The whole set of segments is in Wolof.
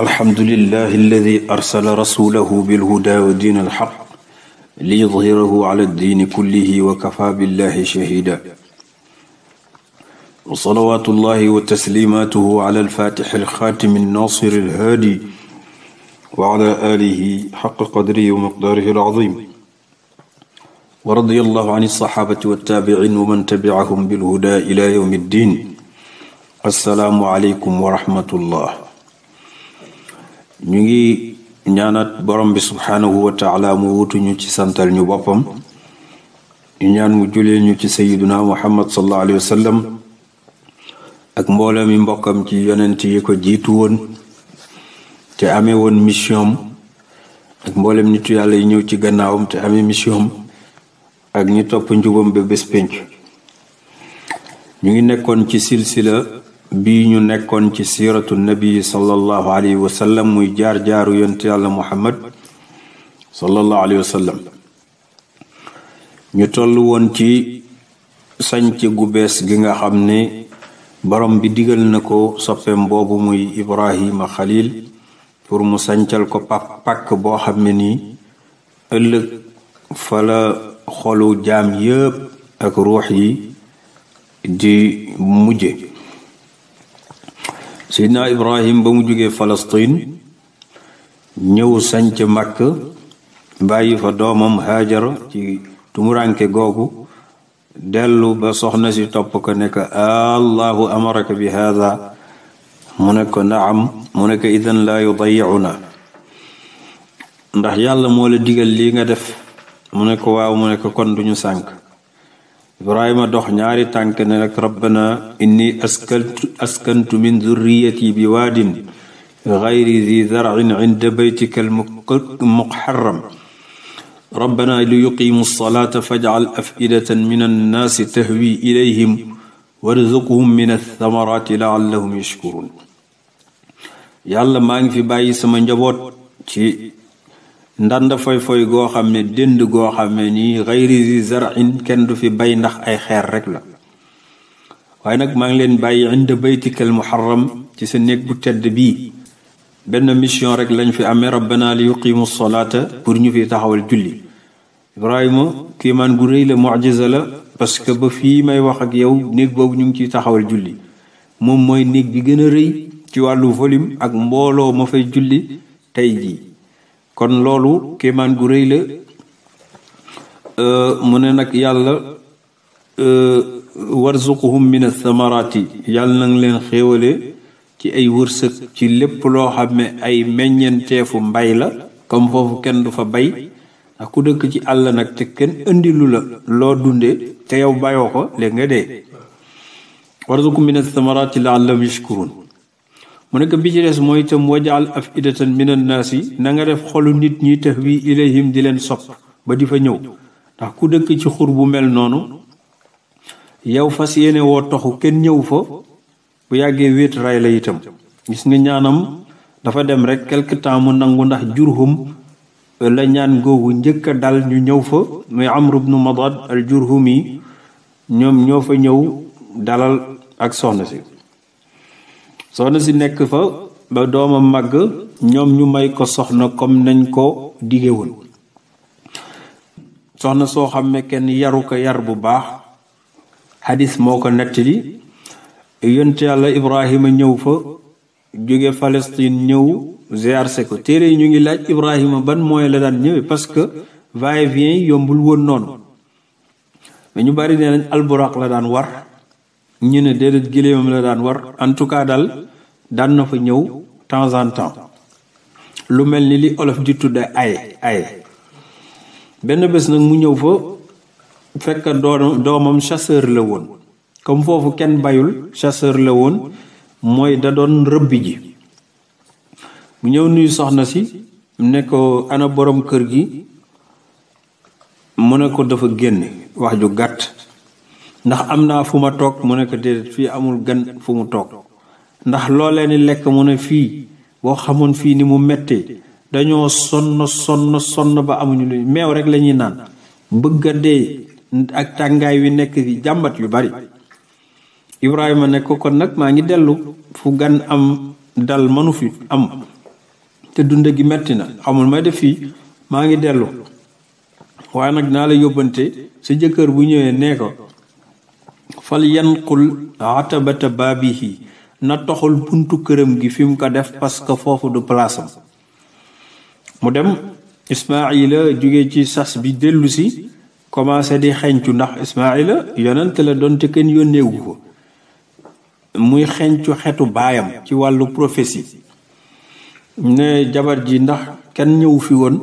alhamdulillahi alladi arsala rasulahu bilhuda wa diin alxaq liyudhirahu ala ddiini kullihi wa kafa billahi shahida wa salawatullahi wa taslimatuhu ala alfatixi alxaatimi annaasiri alhaadi wa ala aalihi xaqa qadrihi wa miqdaarihi alazim wa radiyallahu an alsaxaabati wattaabicin wa man tabicahum bilhuda ila yawmi ddin assalaamu aleykum wa rahmatullah ñu ngi ñaanat borom bi subhaanahu wa taala mu wutuñu ci santal ñu boppam ñu ñaan mu julee ñu ci sayiduna muhammad sallallahu alayhi ak mbooloo mi mbokkam ci yonent yi ko jiitu woon te amee woon mission ak mboolem nitu yàlla yi ñëw ci gannaawam te amee mission ak ñi topp njubam ba bés pénc ñu ngi nekkoon ci silsila bii ñu nekkoon ci siiratu nabi sallallahu alayhi wa muy jaar-jaaru yonent yàlla muhammad sallallahu alayhi wa sallam ñu toll woon ci sañc gu bees gi nga xam ne borom bi digal na ko soppeem boobu muy ibrahima xalil pour mu sañcal ko pak pakk boo xam ne nii ëllëg fa la xolu jaam yépp ak ruux yi di mujje seydna ibrahim ba mu jógee Palestine ñëw sanc màkk bàyyi fa doomam haajara ci tumuranke googu dellu ba soxna si topp ko ne ko allahu amaraka bi haada mu ne ko naam mu ne ko idan laa yudayiuna ndax yàlla moo la digal lii nga def mu ne ko waaw mu ne ko kon duñu sànk ibrahima dox ñaari tànk ne nag rabbana inni askantu askantu min zurriyati bi waadin gayri zi zarin inda baytika al muharram rabbana li yuqimu salaata fajcal afidatan min annaasi tahwi ilayhim warzuqhum min athamaraati laallahum yashkurun yàlla maa ngi fi bàyyi sama njaboot ci ndanda foy foy goo xam ne dënd goo xam ne nii xayri zi kenn du fi bay ndax ay xeer rek la waaye nag maa ngi leen bàyyi inda baytikal muharram ci sa néeg bu tedd bii benn mission rek lañu fi amee rabbana li yuqimu pour ñu fi taxawal julli ibrahima kiimaan gu rëy la mucjisa la parce que ba fii may wax ak yow néeg boobu ñu ngi ciy taxawal julli moom mooy néeg bi gën a rëy ci wàllu volume ak mbooloo ma fay julli tey jii kon loolu kéemaan gu rëy la euh, mu ne nag yàlla euh, warzuquhum min athamarati yàlla nang leen xéewale ci ay wërsëg ci lépp loo xam ne ay meññenteefu mbay la comme foofu kenn du fa bay ndax ku dëkk ci àll nag te kenn indilu la loo dunde te yow bayoo ko léegi nga dee warzuquhum min athamarati laallahum yashkurun mu nekk bi ci des mooy itam wajaal afidatan min annaasi na nanga def xolu nit ñi tax wi ilayhim di leen sopp ba di fa ñëw ndax ku dëkk ci xur bu mel noonu yow fas yéene woo taxu kenn ñëw fa bu yàggee wéet ray la itam gis nga ñaanam dafa dem rek quelque temps mu nangu ndax jurhum la ñaan googu njëkk a dal ñu ñëw fa muy amru bnu madad al jurhum yi ñoom ñoo fa ñëw dalal ak soxna si soxna si nekk fa ba doomam màgg ñoom ñu may ko soxna comme nañ ko dige woon soxna soo xam ne kenn yaru ko yar bu baax xadis moo ko nettali yonent yàlla Ibrahima ñëw fa jóge Palestine ñëw ziar ko téere yi ñu ngi laaj Ibrahima ban mooy la daan ñëwee parce que va et yombul woon noonu mais bari nee nañ alburaq la daan war ñu ne déedéet giléemam la daan war en tout cas daal daan na fa ñëw temps en temps lu mel ni li olof di tudd ay ay benn bés nag mu ñëw fa fekk doom doomam chasseur la woon comme foofu kenn bayul chasseur la woon mooy da doon rëbbi ji mu ñëw nuyu soxna si ne ko ana borom kër gi mu ne ko dafa génne wax ju gàtt ndax am naa fu ma toog mu nekk déedéet fii amul gan fu mu toog ndax loo leen lekk mu ne fii boo xamoon fii ni mu mettee dañoo sonn sonn sonn ba amuñu lu meew rek lañuy naan bëgg a dee ak tàngaay wi nekk ci jàmbat yu bari Ibrahima ne ko kon nag maa ngi dellu fu gan am dal mënu fi am te dund gi metti na xamul may def fii maa ngi dellu waaye nag naa la yóbbante sa jëkkër bu ñëwee nee ko fal yanqul atabata baabihi na toxul buntu këram gi fi mu ko def parce que foofu du place mu dem ismaila jóge ci sas bi dellu si commencé di xencu ndax ismaila yonent la doon te kenn yónneewu ko muy xencu xetu baayam ci wàllu prophétie ne jabar ji ndax kenn ñëwu fi woon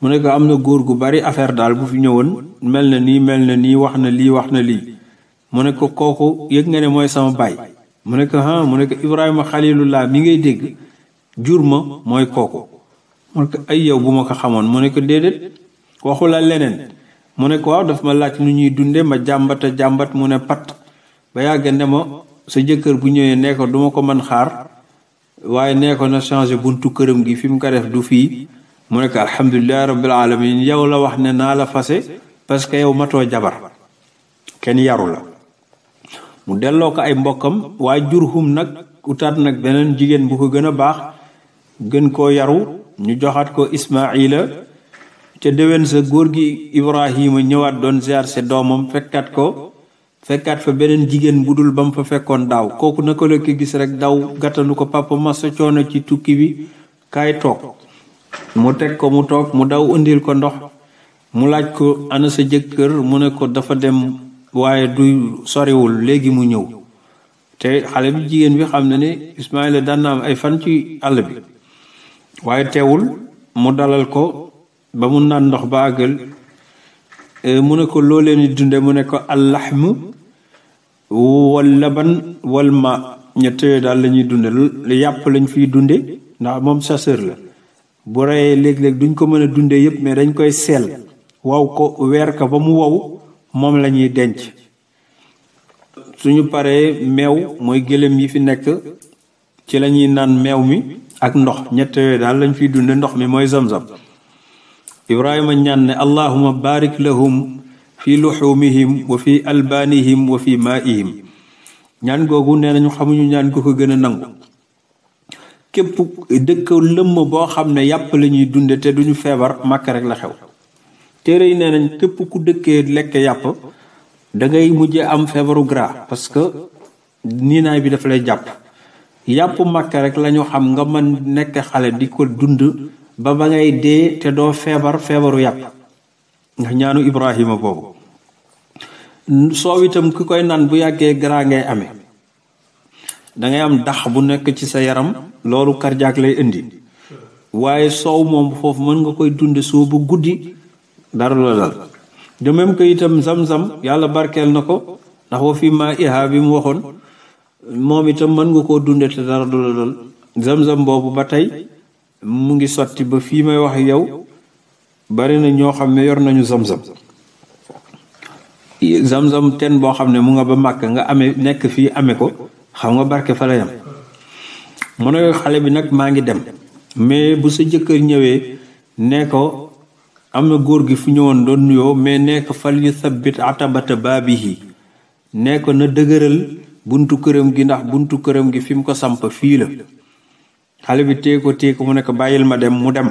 mu ne ko am na góor gu bari affaire daal bu fi ñëwoon mel na nii mel na nii wax na lii wax na lii mu ne ko kooku yëg nga ne mooy sama baay mu ne ko ah mu ne ko Ibrahima laa mi ngay dégg jur ma mooy kooku mu ne ko ay yow bu ma ko xamoon mu ne ko déedéet waxu la leneen mu ne ko waaw daf ma laaj nu ñuy dunde ma jàmbata jàmbat mu ne pat ba yàgg ne ma sa jëkkër bu ñëwee nee ko du ko mën xaar waaye nee ko na changé buntu këram gi fi mu ko def du fii mu ne ko alhamdulilahi rabbil alamin yow la wax ne naa la fase parce que yow matoo jabar kenn yaru la mu delloo ko ay mbokkam waaye jurhum nag utaat nag beneen jigéen bu ko gën a baax gën koo yaru ñu joxaat ko ismaila ca déwén sa góor gi ibrahima ñëwaat doon ziar se doomam fekkaat ko fekkaat fa beneen jigéen bu dul ba mu fa fekkoon daaw kooku naka la ko gis rek daw gàttanu ko papa ma sa ci tukki bi kay toog mu teg ko mu toog mu daw indil ko ndox mu laaj ko ana sa jëkkër mu ne ko dafa dem waaye du soriwul léegi mu ñëw te xale bi jigéen bi xam na ne Ismaila daan na am ay fan ci àll bi waaye teewul mu dalal ko ba mu naan ndox ba àggal e, mu ne ko loo leen dunde mu ne ko allaxmu wal laban wal ma ñett daal la ñuy dunde yàpp lañ fiy dunde ndax moom chasseur la bu reyee léeg-léeg duñ ko mën a dunde yëpp mais dañ koy seel waw ko weer ka ba mu wow moom la ñuy denc suñu paree meew mooy gëléem yi fi nekk ci la ñuy naan meew mi ak ndox ñett yooyu daal lañ fiy dunde ndox mi mooy zam-zam ibrahima ñaan ne allahuma barik lahum fi luxumihim wa fi albaanihim wa fi maaihim ñaan googu nee nañu xamuñu ñaan ko ko gën a nangu képp dëkk lëmm boo xam ne yàpp lañuy ñuy dunde te duñu feebar màkk rek la xew téere yi nee nañ képp ku dëkkee lekk yàpp dangay mujje am feebaru gra parce que niinaay bi dafa lay jàpp yàpp màkk rek lañu xam nga mën nekk xale di ko dund ba ba ngay dee te doo feebar feebaru yàpp ndax ñaanu Ibrahima boobu soow itam ki koy naan bu yàggee gras ngay amee dangay am dax bu nekk ci sa yaram loolu cardiaque lay indi waaye soow moom foofu mën nga koy dund soo bu guddi dara la dal de même que itam yàlla barkeel na ko ndax wa fi ma iha bi mu waxoon moom itam mën nga koo dundee te dara du la dal zam boobu ba tey mu ngi sotti ba fii may wax yow bari na ñoo xam ne yor nañu zam-zam zam-zam ten boo xam ne mu nga ba makk nga amee nekk fii amee ko xam nga barke fa la yam mu ne xale bi nag maa ngi dem mais bu sa jëkkër ñëwee ne am na góor gi fu ñëwoon doon nuyoo mais nekk fal yu sabbit atabata baabihi ne ko na dëgëral buntu këram gi ndax buntu këram gi fi mu ko samp fii la xale bi tée ko tée ko mu ne ko bàyyil ma dem mu dem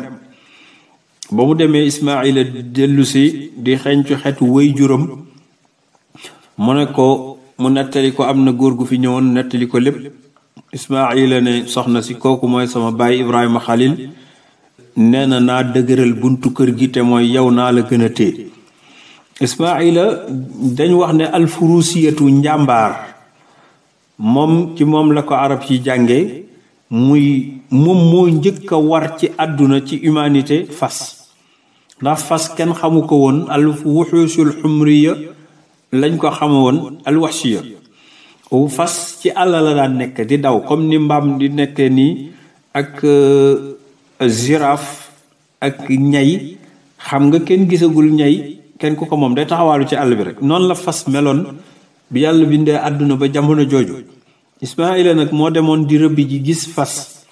ba mu demee Ismaila dellu si di xencu xetu wëy juróom mu ne ko mu nettali ko am na góor gu fi ñëwoon nettali ko lépp Ismaila ne soxna si kooku mooy sama baay Ibrahima Xalil nee na naa dëgëral buntu kër gi te mooy yow naa la gën a téye ismaila dañ wax ne alfurusiyatu njàmbaar moom ci moom la ko arab ci jànge muy moom moo njëkk a war ci àdduna ci humanité fas ndax fas kenn xamu ko woon al wuxuusul xumriya lañ ko xame woon al waxsiya fas ci àll la daan nekk di daw comme ni mbaam di nekkee nii ak euh, girafe ak ñay xam nga kenn gisagul ñay kenn ku ko moom day taxawaalu ci àll bi rek noonu la fas meloon bi yàlla bindee àdduna ba jamono jooju Ismaayila nag moo demoon di rëbbi ji gis fas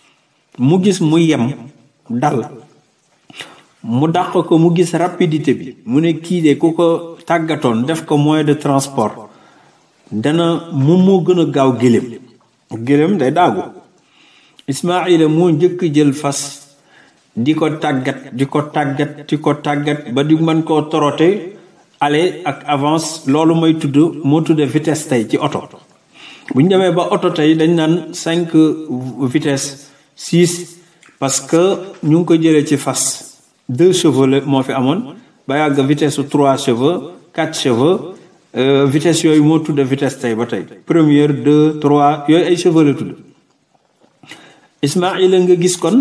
mu gis mu yem dal mu dàq ko mu gis rapidité bi mu ne kii de ku ko tàggatoon def ko moyen de transport dana moom moo gën a gaaw gëléem gëléem day daagu Ismaayila moo njëkk jël fas di ko tàggat di ko tàggat di ko tàggat ba di mën koo torote aller ak avance loolu mooy tudd moo tudde vitesse tey ci oto bu ñu demee ba oto tey dañ naan cinq vitesse six parce que ñu ngi ko jëlee ci fas deux chevaux la moo fi amoon ba yàgg vitesse su trois chevaux quatre chevaux euh, vitesse yooyu moo tudde vitesse tey ba tey première deux trois yooyu ay chevaux la tudd Ismaïla nga gis kon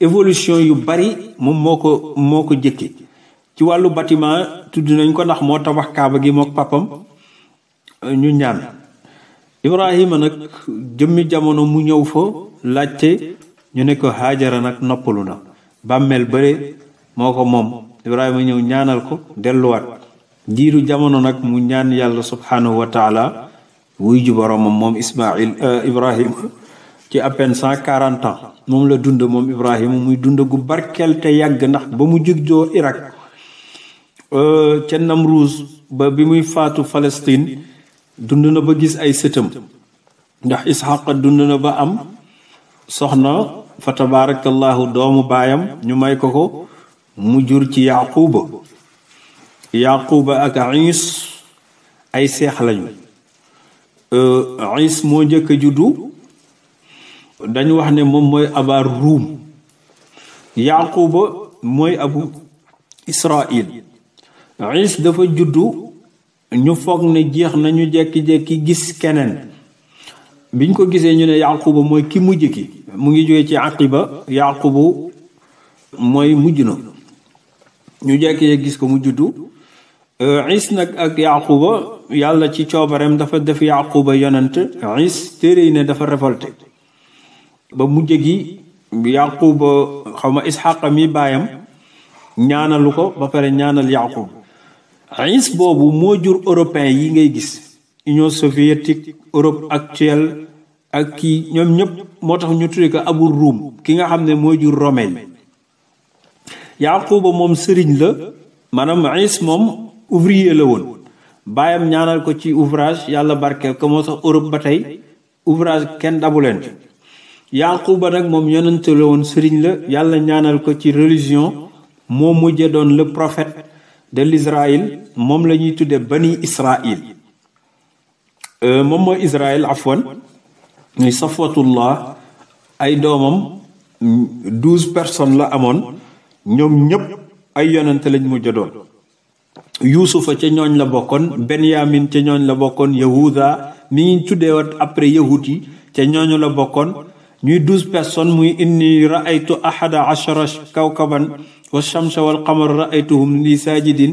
évolution yu bari moom moo ko moo ko jëkke ci wàllu batiment tudd nañ ko ndax moo tabax kaaba gi mook papam ñu ñaan ibrahima nag jëmmi jamono mu ñëw foo laajte ñu ne ko haajara nag noppalu na bàmmeel bëre moo ko moom ibrahima ñëw ñaanal ko delluwaat diiru jamono nag mu ñaan yàlla subhaanahu wa taala wuy ju boromam moom ismail euh, ibrahima ci à peine cent quarante ans moom la dund moom Ibrahima muy dund gu barkeel te yàgg ndax ba mu jug joo Irak euh, ca Namrouz ba bi muy faatu Palestine dund na ba gis ay sëtam ndax Isxaqa dund na ba am soxna fa tabarakallahu doomu baayam ñu may ko ko mu jur ci Yaquba Yaquba ak Iis ay seex lañu euh, Iis moo njëkk a juddu dañu wax ne moom mooy abaa ruum yaquba mooy abu israil is dafa juddu ñu foog ne jeex nañu jekki-jekki gis keneen biñ ko gisee ñu ne yaquba mooy ki mujj ki mu ngi jóge ci aqiba yaqubu mooy mujj na ñu jekki-jekki gis ko mu juddu is nag ak yaquba yàlla ci coobareem dafa def yaquba yonent is téere yi ne dafa révolté ba mujj gi yaqub xaw ma isxaq mi baayam ñaanalu ko ba pare ñaanal yaqub is boobu moo jur européen yi ngay gis union soviétique europe actuelle ak kii ñoom ñëpp moo tax ñu tudde ko abul ruum ki nga xam ne mooy jur romain yaquba moom sëriñ la maanaam is moom ouvrier la woon baayam ñaanal ko ci ouvrage yàlla barkeel ko moo tax Europe ba tey ouvrage kenn dabu leen yaquba nag moom yonente la woon sëriñ la yàlla ñaanal ko ci religion moo mujje doon le prophète de moom la ñuy tudde bani Israël euh, moom mooy Israël afwan ñuy safwatullah ay doomam douze personnes la amoon ñoom ñëpp ay yonente lañ mujje doon yuusufa ca ñooñ la bokkoon benyamin ca ñooñ la bokkoon yahuda mi ngi tuddee wat après yahut yi ca ñooñu la bokkoon ñuy douze personnes muy inni raaytu ahada achara kawkaban wa shamsa wal qamar raaytuhum li saajidin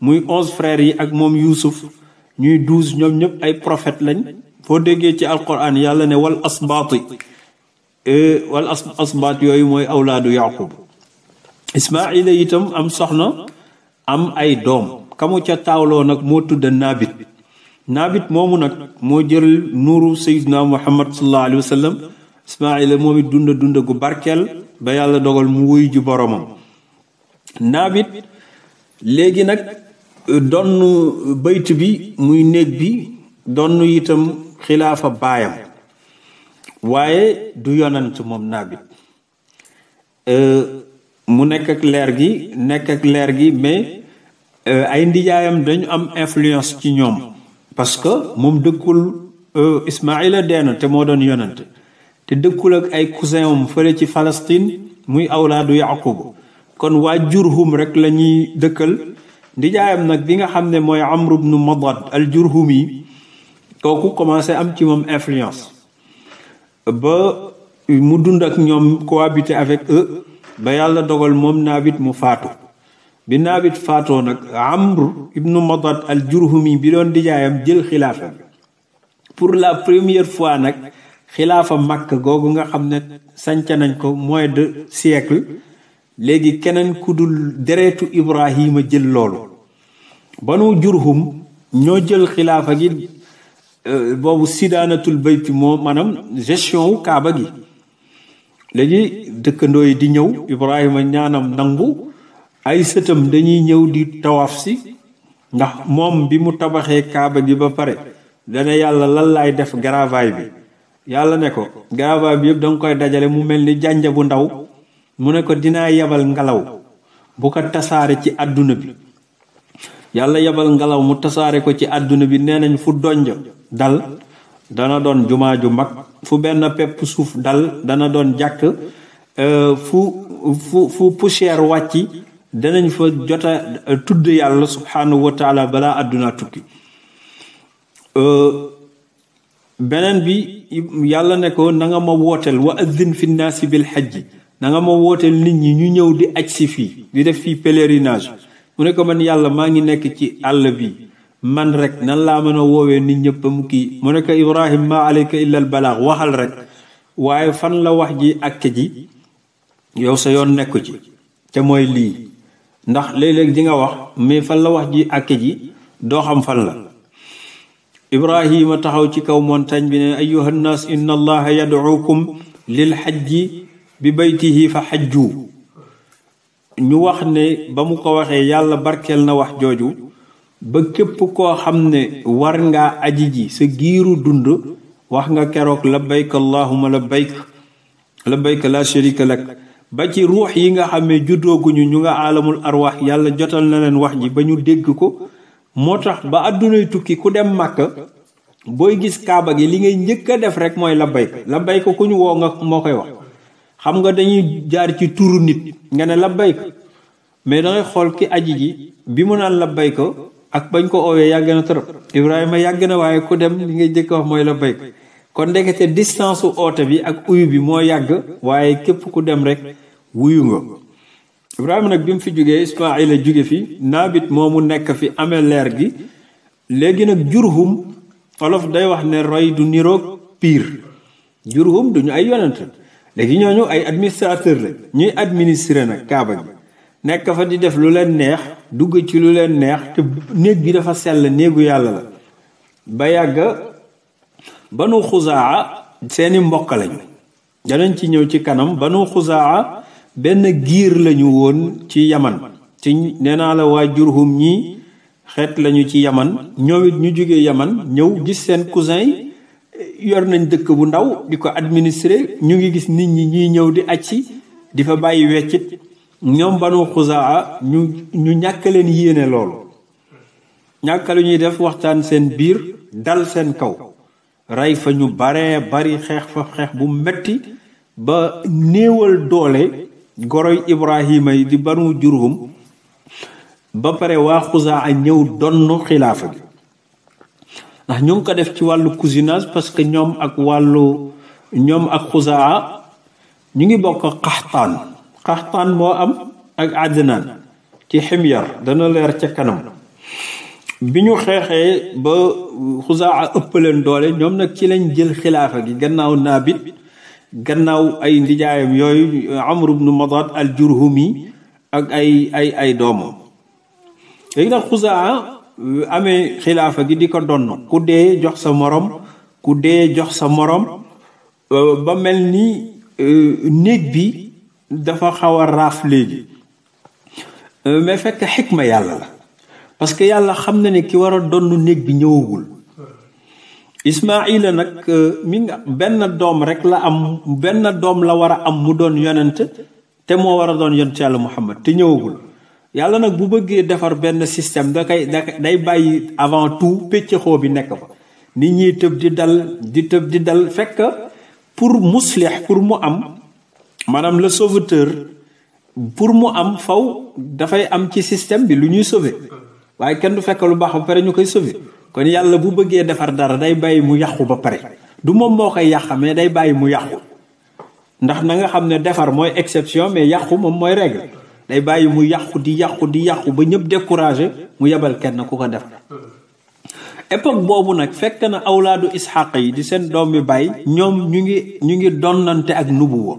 muy onze frères yi ak moom yuusuf ñuy douze ñoom ñëpp ay prophètes lañ foo déggee ci alquran yàlla ne wal asbaati e, wal asbaat yooyu mooy awlaadu yaqub ismaila itam am soxna am ay doom kamu ca taawloo nag moo tudda naabit naabit moomu nag moo jël nuuru sayidna muhammad sallallahu alayhi wa ismaila moom it dund dund gu barkeel ba yàlla dogal mu wuy ji boromam naam léegi nag donn bayt bi muy néeg bi donn itam xilaafa baayam waaye du yonant moom naabit euh, mu nekk ak leer gi nekk ak leer gi mais euh, ay ndijaayam dañu am influence ci ñoom parce que moom dëkkul euh, ismaila deen te moo doon yonant te dëkkul ak ay cousin am fële ci Palestine muy awlaadu Yaqub kon waa Jurhum rek lañuy ñuy dëkkal ndijaayam nag bi nga xam ne mooy Amr ibn Madad al Jurhum yi kooku commencé am ci moom influence ba mu dund ak ñoom cohabiter avec eux ba yàlla dogal moom naabit mu faatu bi naabit faatoo nag Amr ibn Madad al Jurhum yi bi doon ndijaayam jël xilaafa pour la première fois nag xilaafa màkk googu nga xam ne sanc nañ ko moins de siècle léegi keneen ku dul deretu ibrahima jël loolu banu jurhum ñoo jël xilaafa gi euh, boobu sidaanatul bayti moo manam gestion wu kaaba gi léegi dëkkandoo yi di ñëw ibrahima ñaanam nangu ay sëtam dañuy ñëw di tawaaf si ndax moom bi mu tabaxee kaaba gi ba pare dana yàlla lan laay def garavaay bi yàlla ne ko garaba bi yëpp danga koy dajale mu mel ni jànja bu ndaw mu ne ko dinaa yebal ngelaw bu ko tasaare ci àdduna bi yàlla yebal ngelaw mu tasaare ko ci àdduna bi nee nañ fu donj dal dana doon jumaa ju mag fu benn pepp suuf dal dana doon jàkk euh, fu fu fu poussière wàcci danañ fa jota euh, tudd yàlla subhaanahu wa taala balaa àdduna tukki euh, beneen bi yàlla ne ko na nga ma wooteel wa addin fi naasi bil xajji na nga ma wooteel nit ñi ñu ñëw di aj si fii di def fii pèlerinage mu ne ko man yàlla maa ngi nekk ci àll bi man rek nan laa mën a woowee nit ñëpp ba mu kii mu ne ko ibrahim ma alayka illa al balaax waxal rek waaye fan la wax ji ak ji yow sa yoon nekku ci te mooy lii ndax léeg-léeg di nga wax mais fan la wax ji ak ji doo xam fan la ibrahima taxaw ci kaw montagne bi ne ayuha nnaas inna allaha yad'ukum lil xajji bi baytihi fa xajju ñu wax ne ba mu ko waxee yàlla barkeel na wax jooju ba képp koo xam ne war nga aji ji sa giiru dund wax nga keroog labbayk allahuma labbayk labbayk la sharika lak ba ci ruux yi nga xam ne juddooguñu ñu nga aalamul arwax yàlla jotal na leen wax ji ba ñu dégg ko moo tax ba addunay tukki ku dem màkk booy gis kaaba gi li ngay njëkk a def rek mooy labbayka ko ku ñu woo nga moo koy wax xam nga dañuy jaar ci turu nit nga ne labbayka mais da xool ki aji gi bi mu naan ko ak bañ ko oowee yàgg na trop Ibrahima yàgg na waaye ku dem li ngay njëkk mooy wax mooy labbayka kon ndekete distance su oote bi ak uyu bi moo yàgg waaye képp ku dem rek wuyu nga Ibrahima nag bi mu fi jógee Ismaayila jóge fi naabit moomu nekk fi amee leer gi léegi nag jurhum olof day wax ne roy du niroog piir jurhum duñu ay yonent léegi ñooñu ay administrateur la ñuy administré nag kaaba gi nekk fa di def lu leen neex dugg ci lu leen neex te néeg bi dafa sell néegu yàlla la ba yàgg banu xuzaa seeni mbokk lañu danañ ci ñëw ci kanam banu xuzaa benn giir lañu woon ci yaman ci nee naa la waa jurhum ñi xeet lañu ci yaman ñoom ñu jógee yaman ñëw gis seen cousin yi eh, yor nañ dëkk bu ndaw di ko administrer ñu ngi gis nit ñi ñuy ñëw di acci di fa bàyyi weccit ñoom banu xusaa ñu ñu ñàkk leen yéene loolu ñàkk lu ñuy def waxtaan seen biir dal seen kaw rey fa ñu bare bari xeex fa xeex bu metti ba néewal doole goroy ibrahima yi di banu jurhum ba pare waa xusaa ñëw donn xilaafa gi ndax ñu ngi ko def ci wàllu cousinage parce que ñoom ak wàllu ñoom ak xusaa ñu ngi bokk xaxtaan xaxtaan moo am ak àddinaan ci ximyar dana leer ca kanam bi ñu xeexee ba xusaa ëpp leen doole ñoom nag ci lañ jël xilaafa gi gannaaw naabit gannaaw ay nijaayam yooyu amr ibnu madad al jurhumi ak ay ay ay doomam léegi nag xusaa amee xilaafa gi di ko donn ku dee jox sa morom ku dee jox sa morom ba mel ni e, néeg bi dafa xaw a raaf léegi e, mais fekk xikma yàlla la parce que yàlla xam na ni ki war a donn néeg bi ñëwagul Ismaila nag euh, mi nga benn doom rek la am benn doom la war a am mu doon yonent te moo war a doon yonent yàlla Muhammad te ñëwagul yàlla nag bu bëggee defar benn système da koy da day bàyyi avant tout pëccëxoo bi nekk fa nit ñiy tëb di dal di tëb di dal fekk pour muslih pour mu am maanaam le sauveteur pour mu am faw dafay am ci système bi lu ñuy sauver waaye kenn du fekk lu baax ba pare ñu koy sove kon yàlla bu bëggee defar dara day bàyyi mu yàqu ba pare du moom moo koy yàq mais day bàyyi mu yàqu ndax na nga xam ne defar mooy exception mais yàqu moom mooy règle day bàyyi mu yàqu di yàqu di yàqu ba ñëpp découragé mu yebal kenn ku ko defar époque boobu nag fekk na awlaadu isxaq yi di seen doom yi bàyyi ñoom ñu ngi ñu ngi donnante ak nubuwa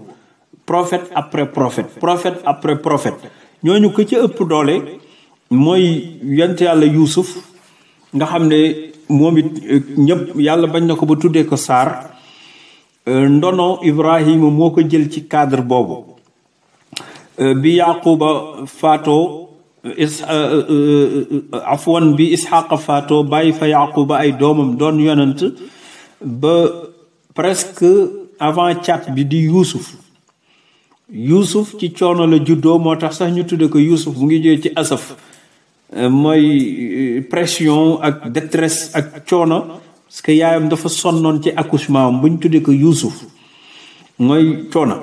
prophète après prophète profet après profet ñooñu ko ci ëpp doole mooy yonent yàlla yuusuf nga xam ne moom it eh, ñëpp yàlla bañ na ko ba tuddee ko saar eh, ndono Ibrahima moo ko jël ci cadre boobu eh, bi Yaquba faatoo is afwan bi Isxaqa faatoo bàyyi fa Yaquba ay doomam doon yonant ba presque avant cat bi di Yuusuf Yuusuf ci coono la juddoo moo tax sax ñu tuddee ko Yuusuf mu ngi jóge ci asaf mooy euh, pression ak détresse ak coono parce que yaayam dafa sonnoon ci accouchement am bu ñu tuddee ko Yuusuf mooy coono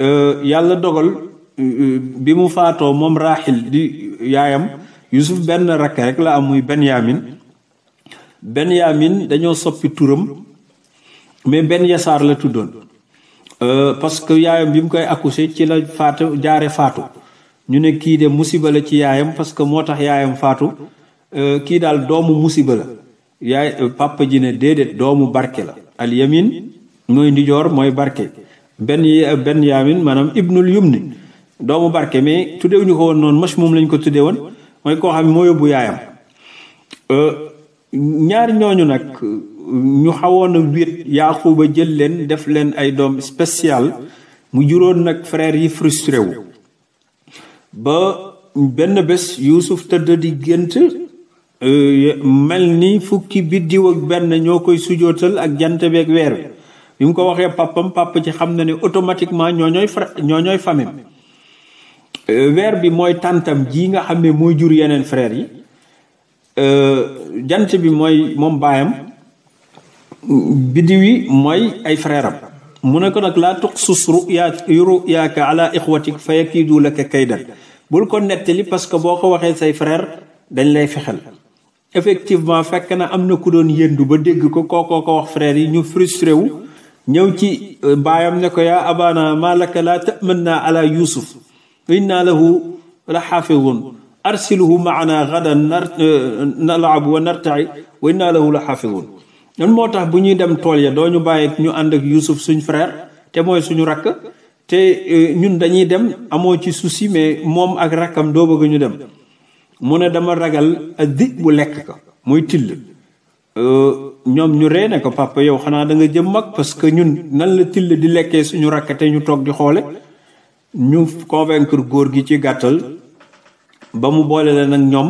euh, yàlla dogal euh, bi mu faatoo moom Raaxil di yaayam Yuusuf benn rakk rek la am muy Benyamin Benyamin dañoo soppi turam mais Ben Yasaar la tuddoon parce que yaayam bi mu koy accouché ci la faatu jaare faatu ñu ne kii de musiba la ci yaayam parce que moo tax yaayam faatu euh, kii daal doomu musiba la yaay euh, papa ji ne déedéet doomu barke la al yamin mooy ndijoor mooy barke benn benn maanaam ibnul yumni doomu barke mais tuddew ñu ko woon noonu mash moom lañ ko tuddee woon mooy koo xam moo yóbbu yaayam euh, ñaar ñooñu nag ñu xawoon a wéet yaaxuba jël leen def leen ay doom spécial mu juróon nag frère yi frustré wu ba benn bés yuusuf tëdd di gént euh, mel ni fukki biddiw ak benn ñoo koy sujootal ak jant bi ak weer bi bi mu ko waxee pàppam pàpp ci xam na ne automatiquement ñoo ñooy fra ñoo ñooy famem euh, weer bi mooy tàntam ji nga xam ne mooy jur yeneen frère yi euh, jant bi mooy moom baayam biddiw yi mooy ay frère mu ne ko nag laa tuqsus ruyaaka ala ixwatik fa yakiidu laka kaydan bul ko nettali parce que boo ko waxee say frère dañ lay fexel effectivement fekk na am na ku doon yëndu ba dégg ko kookoo ko wax frère yi ñu frustré wu ñëw ci euh, baayam ne ko yaa abana malaka mën naa ala yusuf inna lahu la xaafidun arsilhu maana gadan nalab euh, wa nartai wa inna lahu la xaafidun ñun moo tax bu ñuy dem tool ya doo ñu bàyyi ñu ànd ak yusuf suñ frère te mooy suñu rakk te euh, ñun dañuy dem amoo ci souci mais moom ak rakkam doo bëgg ñu dem mu ne dama ragal a di bu lekk ko muy till euh, ñoom ñu ree ne ko papa yow xanaa da nga jëm mag parce que ñun nan la till di lekkee suñu rakkate ñu toog di xoole ñu convaincre góor gi ci gàttal ba mu boole leen nag ñoom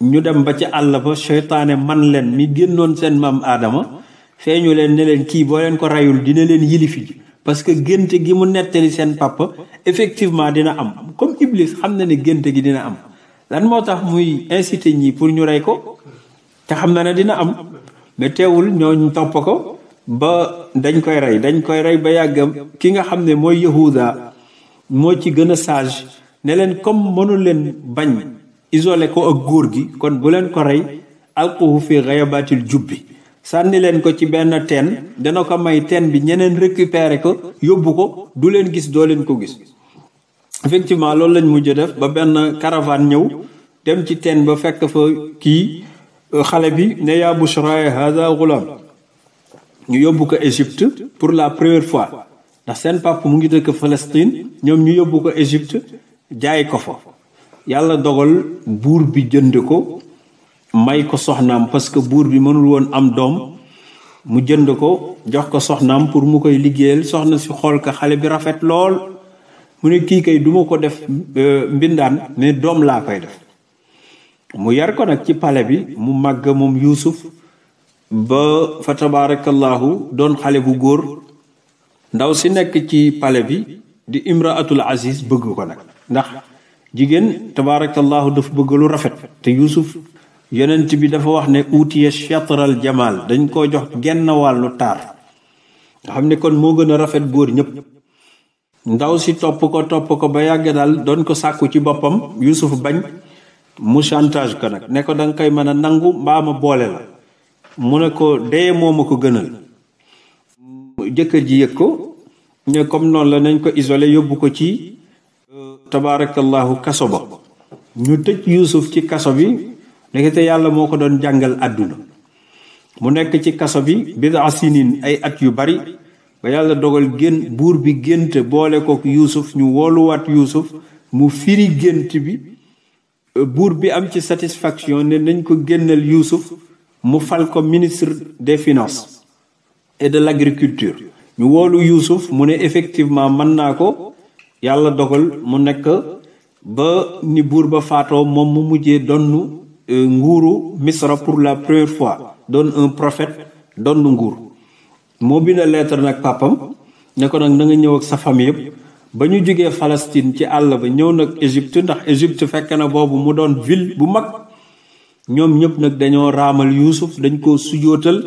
ñu dem ba ci àll ba seytaane man leen mi génnoon seen maam aadama feeñu leen ne leen kii boo leen ko rayul dina leen fi parce que génte gi mu nettali seen papa effectivement dina am comme Iblis xam na ni génte gi dina am lan moo tax muy insité ñi pour ñu rey ko te xam na ne dina am mais teewul ñooñ topp ko ba dañ koy rey dañ koy rey ba yàggam ki nga xam ne mooy yahuda moo ci gën a sage ne leen comme mënu leen bañ isolé ko ak góor gi kon bu leen ko rey alquhu fi gayabatil jubbi sànni leen ko ci benn teen dana ko may teen bi ñeneen récupérer ko yóbbu ko du leen gis doo leen ko gis effectivement loolu lañ mujj def ba benn caravane ñëw dem ci ten ba fekk fa kii euh, xale bi ne yaa bushra haza gulam ñu yóbbu ko Égypte pour la première fois ndax seen papa mu ngi dëkk falestine ñoom ñu yóbbu ko Égypte jaay ko fa yàlla dogal buur bi jënd ko may ko soxnaam parce que buur bi mënul woon am doom mu jënd ko jox ko soxnaam pour mu koy liggéeyal soxna si xool ko xale bi rafet lool mu ne kii kay duma ko def euh, mbindaan mais doom laa koy def mu yar ko nag ci pale bi mu màgg moom Yuusuf ba fa tabaarakallaahu doon xale bu góor ndaw si nekk ci pale bi di imraatul aziz bëgg ko nag ndax jigéen tabaarakallaahu dafa bëgg rafet te Yuusuf yonent bi dafa wax ne utiye chatral jamaal dañ koo jox genn wàllu taar nga xam ne kon moo gën a rafet góor ñëpp ndaw si topp ko topp ko ba yàgg daal doon ko sàkku ci boppam Yuusuf bañ mu chantage ko nag ne ko danga koy mën a nangu mbaa boole la mu ne ko dee moom a ko gënal jëkkër ji yëg ko ne comme noonu la nañ ko isole yóbbu ko ci tabaarakallahu kaso ba ñu tëj Yuusuf ci kaso bi te yàlla moo ko doon jàngal àdduna mu nekk ci kaso bi bida sinin ay at yu bari ba yàlla dogal génn buur bi gént boole ko yuusuf ñu wooluwaat yuusuf mu firi gént bi buur bi am ci satisfaction ne nañ ko génnal yuusuf mu fal ko ministre des finances et de l'agriculture ñu woolu yuusuf mu ne effectivement mën naa ko yàlla dogal mu nekk ba ni buur ba faatoo moom mu mujjee donnu Euh, nguuru misra pour la première fois doon un prophète doon lu nguur moo bind lettre nag papam ne ko nag na nga ñëw ak sa famille yëpp ba ñu jógee Palestine ci àll ba ñëw nag Égypte ndax Égypte fekk na boobu mu doon ville bu mag ñoom ñëpp nag dañoo raamal Yuusuf dañ ko sujootal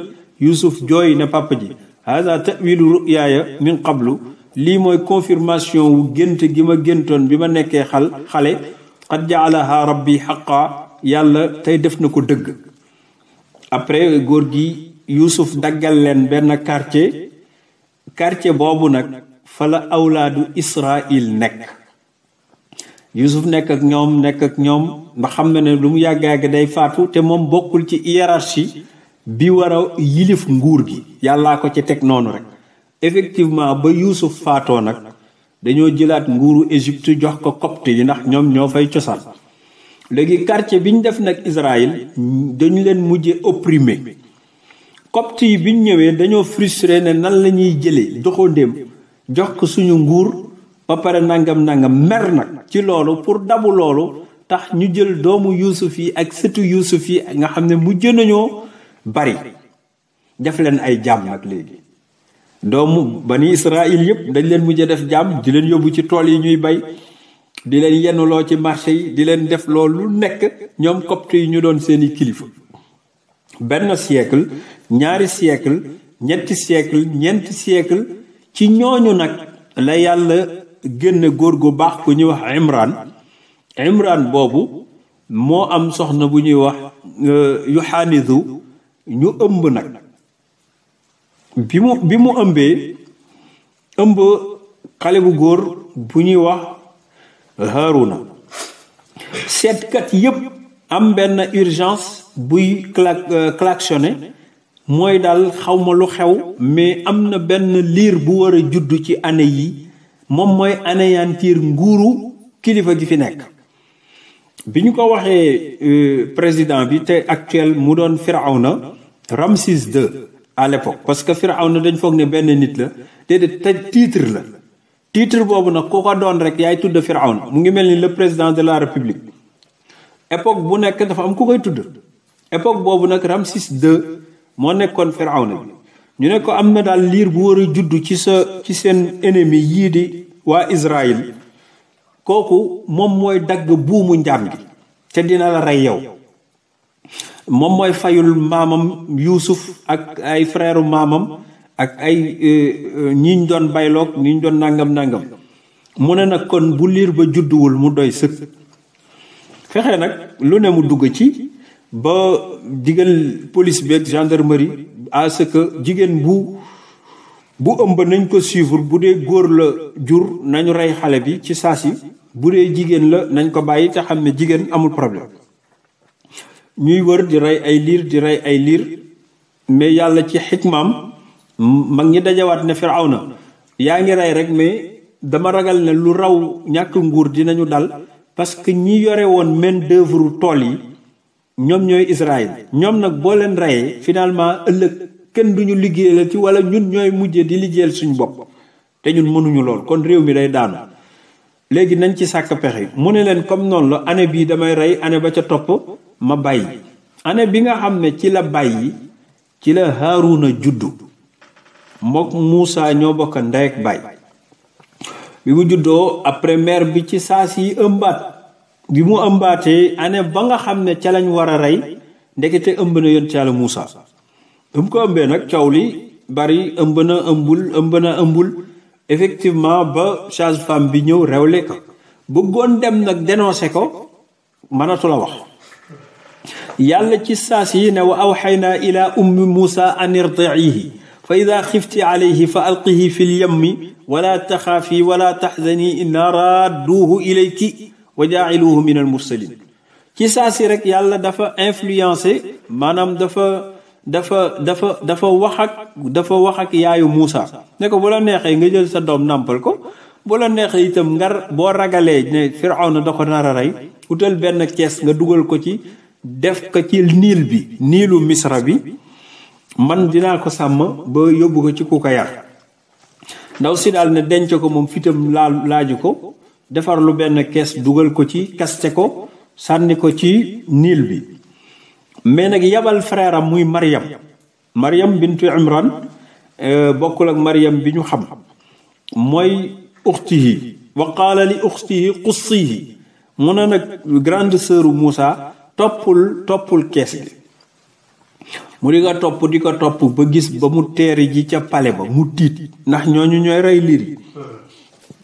Yuusuf jooy ne papa ji haza tawilu ruyaaya min qablu lii mooy confirmation wu gént gi ma géntoon bi ma nekkee xal xale xad jaalaha rabbi xaqa yàlla tey def na ko dëgg après góor gi Yuusuf daggal leen benn quartier quartier boobu nag fa la awlaadu Israil nekk Yuusuf nekk ak ñoom nekk ak ñoom nga xam ne ne lu mu yàgg-yàgg day faatu te moom bokkul ci hiérarchie bi war a yilif nguur gi yàllaa ko ci teg noonu rek effectivement ba Yuusuf faatoo nag dañoo jëlaat nguuru Égypte jox ko copte yi ndax ñoom ñoo fay cosaan léegi quartier bi ñu def nag Israël dañu leen mujje opprimé copte yi bi ñu ñëwee dañoo frustré ne nan la ñuy jëlee doxandéem jox ko suñu nguur ba pare nangam nangam mer nag ci loolu pour dabu loolu tax ñu jël doomu yuusuf yi ak sëtu yuusuf yi nga xam ne mujj nañoo bari def leen ay jaam nag léegi doomu bani Israël yëpp dañ leen mujje def jàmm di leen yóbbu ci tool yi ñuy bay di leen yenuloo ci marché yi di leen def loolu nekk ñoom copte yi ñu doon seeni kilifa benn siècle ñaari siècle ñetti siècle ñeenti siècle ci ñooñu nag la yàlla génn góor gu baax ku ñuy wax imran imran boobu moo am soxna bu ñuy wax euh, yuxaanidu ñu ëmb nag bi mu ëmbee ëmb xale bu góor bu ñuy wax Haruna seetkat yépp am benn urgence buy cla euh, klaxonné mooy daal xawma lu xew mais am na benn liir bu war a judd ci année yi moom mooy anéantir nguuru kilifa gi fi nekk bi ñu ko waxee euh, président bi te actuelle mu doon Firawna Ramsis II à l'époque parce que Firawna dañ foog ne benn nit la te de titre la titre boobu nag ku ko doon rek yaay tudd Firawna mu ngi mel ni le président de la république époque bu nekk dafa am ku koy tudd époque boobu nag Ramsis II moo nekkoon Firawna bi ñu ne ko am na daal liir bu war a juddu ci sa ci seen ennemi yii di waa Israël kooku moom mooy dagg buumu njaam gi te dina la rey yow moom mooy fayul maamam Yuusuf ak ay frère maamam ak ay euh, euh, ñiñ doon bayloog ñiñ doon nangam nangam mu ne nag kon bu liir ba judduwul mu doy sëkk fexe nag lu ne mu dugg ci ba digal police beeg gendarmerie à que jigéen bu bu ëmb nañ ko suivre bu dee góor la jur nañu rey xale bi ci saa si bu dee jigéen la nañ ko bàyyi te xam ne jigéen amul problème ñuy wër di rey ay liir di rey ay liir mais yàlla ci xikmaam mag ñi dajawaat ne Firawna yaa ngi rey rek mais dama ragal ne lu raw ñàkk nguur dinañu dal parce que ñi yore woon main d'œuvre tool yi ñoom ñooy Israël ñoom nag boo leen reyee finalement ëllëg kenn du ñu liggéeyal ci wala ñun ñooy mujjee di liggéeyal suñu bopp te ñun mënuñu lool kon réew mi day daanu léegi nañ ci sàkk pexe mu ne leen comme noonu la année bii damay rey année ba ca topp ma bàyyi année bi nga xam ne ci la bàyyi ci la Haaruna juddu mook Muusa ñoo bokka ndey ak baay bi mu juddoo après mère bi ci saa si ëmbaat bi mu ëmbaatee année ba nga xam ne ca lañ war a rey ndekete ëmb na yonent Yàlla Muusa bi ko ëmbee nag coow li bari ëmb na ëmbul ëmb na ëmbul effectivement ba sage-femme bi ñëw rewle ko bëggoon dem nag dénoncé ko mënatu wax yàlla ci saa yi ne wa awxaynaa ila ummi Muusa an yi fa ida xifti alayhi fa alqihi fi lyammi wala taxaafi wala taxzani inna raadduuhu ilayki wa jaaciluuhu min almursalin ci saa si rek yàlla dafa influencé maanaam dafa dafa dafa dafa wax ak dafa wax ak yaayu Muusa ne ko bu la neexee nga jël sa doom nàmpal ko bu la neexee itam ngar boo ragalee ne Firawna da ko nar a rey utal benn kees nga dugal ko ci def ko ci niil bi niilu misra bi man dinaa ko sàmm ba yóbbu ko ci ku ko yar ndaw si daal ne denc ko moom fitam laal laaju ko defar lu benn kees dugal ko ci kaste ko sànni ko ci niil bi mais nag yabal frère am muy Maryam Maryam bintu Imran euh, bokkul ak Maryam bi ñu xam mooy uxtihi wa qaala li uxtihi qussihi mu ne nag grande sœuru Moussa toppul toppul kees bi mu di ko topp di ko topp ba gis ba mu teere ji ca pale ba mu tiit ndax ñooñu ñooy rey liir yi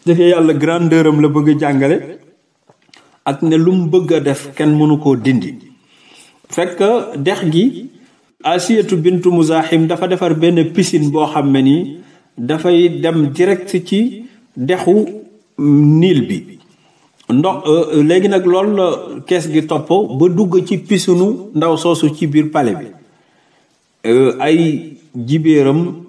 dafa yàlla grandeur am la bëgg jàngale ak ne lu mu bëgg a def kenn mënu koo dindi fekk dex gi asiyatu bintu muzaahim dafa defar benn piscine boo xam ne nii dafay dem direct ci dexu niil bi ndox euh, léegi nag loolu la kees gi toppoo ba dugg ci pisinu ndaw soosu ci biir pale bi Euh, ay jibéeram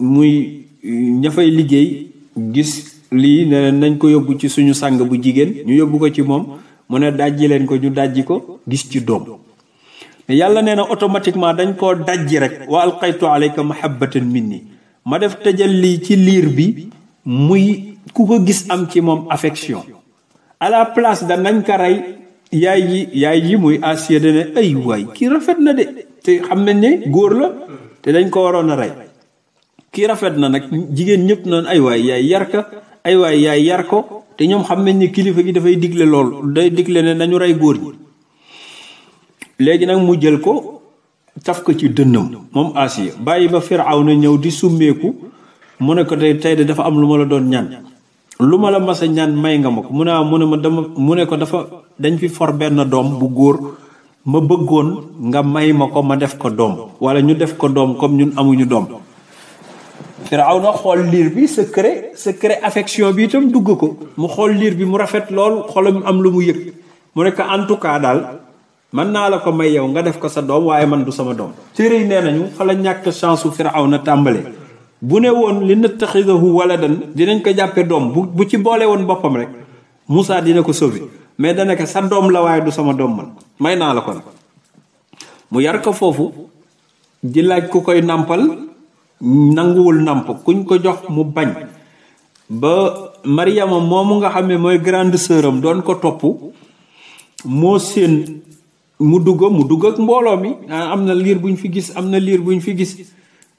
muy euh, ña liggéey gis lii ne nañ ko yóbbu ci suñu sàng bu jigéen ñu yóbbu ko ci moom mu ne dajji leen ko ñu dajj ko gis ci doom mais yàlla nee na automatiquement dañ koo dajj rek wa alqaytu alayka mahabbatan minni ma def lii ci liir bi muy ku ko gis am ci moom affection à la place da ko rey yaay yi yaay yi muy Asiya dane ay waay kii rafet na de te xam nañ ne góor la te dañ ko waroon a rey kii rafet na nag jigéen ñëpp noonu ay waay yaay yar ka yaay yar ko te ñoom xam nañ ni kilifa gi dafay digle lool day digle ne nañu rey góor ñi léegi nag mu jël ko taf ko ci dënnam moom Asiya bàyyi ba na ñëw di summeeku mu ne ko de tey dafa am lu ma la doon ñaan lu ma la mas a ñaan may nga ma ko mu ne ah, mu ne ma dama mu ne ko dafa dañ fi for benn doom bu góor ma bëggoon nga may ma ko ma def ko doom wala ñu def ko doom comme ñun amuñu doom na xool liir bi secret secret affection bi itam dugg ko mu xool liir bi mu rafet lool xolam am lu mu yëg mu nekk en tout cas daal mën naa la ko may yow nga def ko sa doom waaye man du sama doom téere yi nee nañu fa la ñàkk chance u na tàmbale bu ne woon li nattaxidahu waladan dinañ ko jàppee doom bu bu ci boole woon boppam rek Moussa dina ko sauver mais da nekk sa doom la waaye du sama doom man may naa la kon mu yar ko foofu di laaj ku koy nàmpal nanguwul nàmp kuñ ko jox mu bañ ba Mariama moomu nga xam mooy grande sœur am doon ko topp moo séen mu dugg mu dugg ak mbooloo mi ah, am na liir bu ñu fi gis am na liir bu ñu fi gis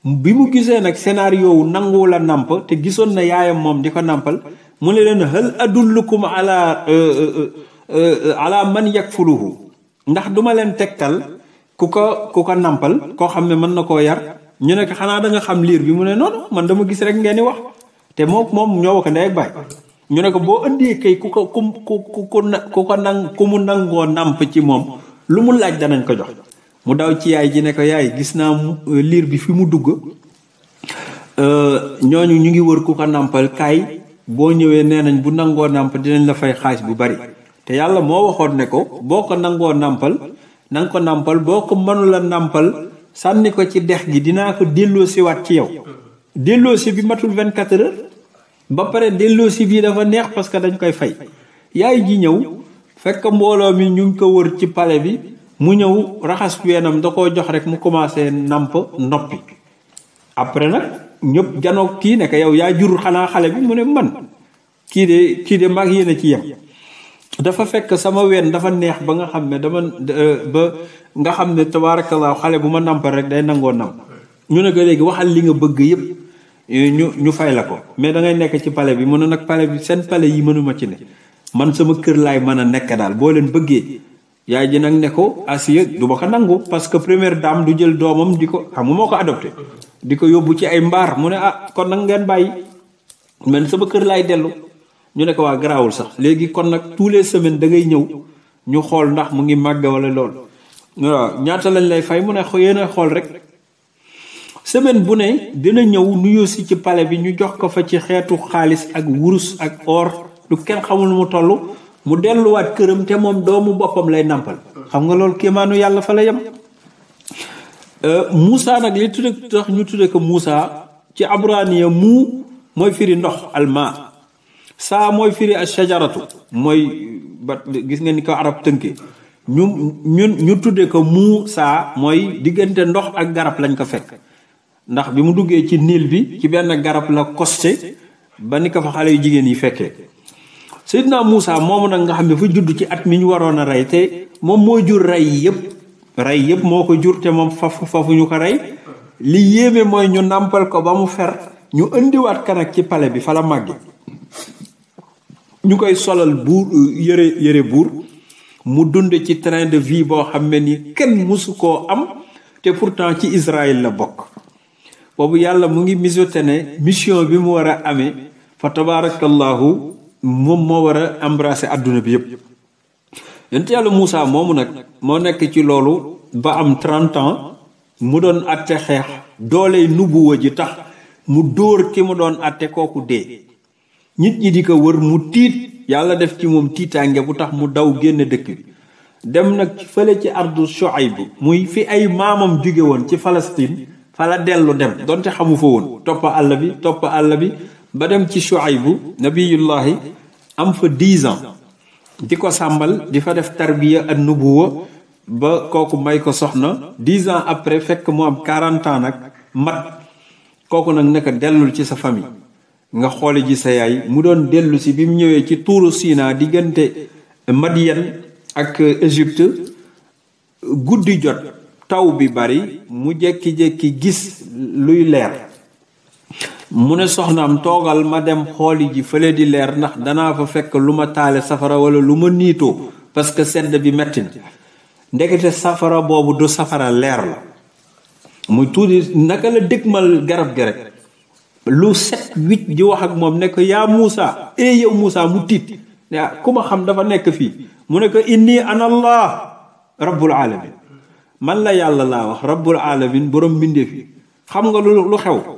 bi mu gisee nag scénario wu nanguwul a nàmp te gisoon na yaayam moom di ko nàmpal mu ne leen hal adullukum ala euh, euh, euh, ala man yakfuluhu ndax duma leen tegtal ku ko ku ko nampal koo xam ne mën na koo yar ñu ne ko xanaa danga xam liir bi mu ne noonu man dama gis rek ngeen ni wax te moom moom ñoo ko ndey ak baay ñu ne ko boo indee kay ku ko ku ku ku ku ko nang ku mu nangoo nàmp ci moom lu mu laaj danañ ko jox mu daw ci yaay ji ne ko yaay gis naa liir bi fi mu dugg ñooñu ñu ngi wër ku ko nàmpal kaay boo ñëwee nee nañ bu nangoo nàmp dinañ la fay xaalis bu bari te yàlla moo waxoon ne ko boo ko nangoo nàmpal na ko nàmpal boo ko mënula nàmpal sànni ko ci dex gi dinaa ko delloosi waat ci yow delloosi bi matul 24 heures ba pare delloosi bii dafa neex parce que dañ koy fay yaay ji ñëw fekk mbooloo mi ñu ngi ko wër ci pale bi mu ñëw raxas weenam da ko jox rek mu commencé namp noppi après nag ñépp janoog kii ne ko yow yaa jur xanaa xale bi mu ne man kii de kii de maag yéen a ci yem dafa fekk sama ween dafa neex ba nga xam ne dama euh, ba xam ne tabaarakallaa xale bu ma nampal day nangoo nam ñu ne ko léegi li nga bëgg yëpp euh, ñu ñu fay la ko mais da ngay nekk ci pale bi mu ne nag pale bi seen pale yi mënuma ci ne man sama kër laay mën a nekk daal boo leen bëggee yaay ji nag ne ko asiya du ma ko nangu parce que première daam du jël doomam di ko xam moo ko adopté di ko yóbbu ci ay mbaar mu ne ah kon nag ngeen bàyyi man sama kër laay dellu ñu ne ko waa garaawul sax léegi kon nag tous semaine semaines da ngay ñëw ñu xool ndax mu ngi màgg wala lool waaw ñaata lañ lay fay mu ne yéen a xool rek semaine bu ne dina ñëw nuyoo si ci pale bi ñu jox ko fa ci xeetu xaalis ak wurus ak or lu kenn xamul mu toll mu delluwaat këram te moom doomu boppam lay nàmpal xam nga loolu kéemaanu yàlla fa la yem Euh, Moussa nag li tudde tax ñu tuddee ko Moussa ci abraniya mu mooy firi ndox alma saa mooy firi al shajaratu mooy ba gis nga ni ko arab tënke ñu ñu tuddee ko saa mooy diggante ndox ak garab lañ ko fekk ndax bi mu duggee ci niil bi ci benn garab la koste ba ni ko fa xale yu jigéen yi fekkee Seydina Moussa moomu nag nga xam ne fa judd ci at mi ñu waroon a rey te moom mooy jur rey yépp rey yëpp moo ko jur te moom faf fafu ñu ko rey li yéeme mooy ñu nàmpal ko ba mu fer ñu indiwaat kanak ci pale bi fala màgge ñu koy solal buur yëre yëre buur mu dund ci train de vie boo xam ne ni kenn mësu koo am te pourtant ci Israël la bokk boobu yàlla mu ngi misote ne mission bi mu war a amee fa tabarakallahu moom moo war a embrasser àdduna bi yëpp yonent yàlla Moussa moomu nag moo nekk ci loolu ba am 30 ans mu doon atte xeex doole nubuwa ji tax mu dóor ki mu doon atte kooku dee nit ñi di ko wër mu tiit yàlla def ci moom tiitaange bu tax mu daw génn dëkk bi dem nag fële ci ardu bi muy fi ay maamam jóge woon ci Palestine fala dellu dem donte xamu fa woon toppa àll bi topp àll bi ba dem ci Shuayb nabiyullahi am fa 10 di ko sàmbal di fa def tarbiya ak nubuwa ba kooku may ko soxna dix ans après fekk mu am quarante nag mat kooku nag naka dellul ci sa famille nga xoole ji sa yaay mu doon dellusi bi mu ñëwee ci tuuru Sina diggante mat Madian ak Égypte guddi jot taw bi bari mu jékki-jékki gis luy leer mu ne soxnaam toogal ma dem xooli ji fële di leer ndax danaa fa fekk lu ma taale safara wala lu ma niitoo parce que sedd bi metti na ndekete safara boobu du safara leer la muy tuuti naka la dëgmal garab gi rek lu set wicc di wax ak moom ne ko yaa Muusa eh yow Muusa mu tiit ah, ku ma xam dafa nekk fii mu ne ko inni ana allah rabbul alamin man la yàlla laa wax rabbul alamin borom mbindéef yi xam nga lu lu xew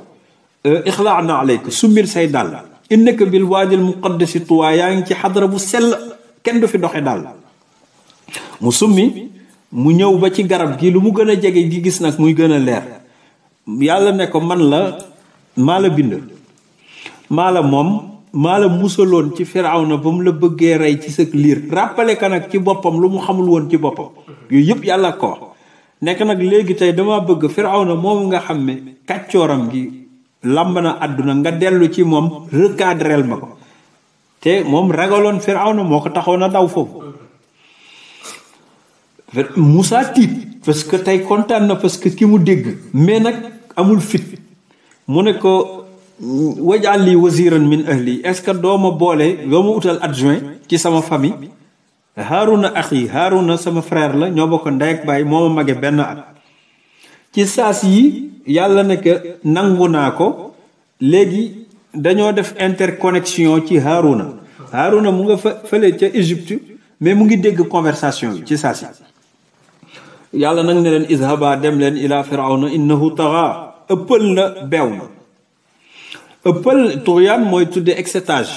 ixlaa na aleyka summil say dàll innaka bil waadil muqaddasi tuwaa yaa ngi ci xadara bu sell kenn du fi doxe dàll mu summi mu ñëw ba ci garab gi lu mu gën a jege gi gis nag muy gën a leer yàlla ne ko man la maa la bind maa la moom maa la musaloon ci Firawna ba mu la bëggee rey ci sa liir rappale ka nag ci boppam lu mu xamul woon ci boppam yooyu yëpp yàlla ko nekk nag léegi tey dama bëgg Firawna moomu nga xam ne kàccooram gi lamb na àdduna nga dellu ci moom recadrel ma ko te moom ragaloon na moo ko taxoon a daw foofu Moussa tiit parce que tey kontaan na parce que ki mu dégg mais nag amul fit mu ne ko wajal li waziran min ahli est-ce que doo ma boole doo ma utal adjoint ci sama famille Haaruna axi Haaruna sama frère la ñoo bokk ndey ak baay moo ma mage benn at ci saas yi yàlla ne nangu naa ko léegi dañoo def interconnexion ci Haaruna Haaruna mu nga fa fële ca Égypte mais mu ngi dégg conversation bi ci saas yàlla nag ne leen izhaba dem leen ila firawna innahu taxa ëppal na beew na ëppal turyaan mooy tudde excetage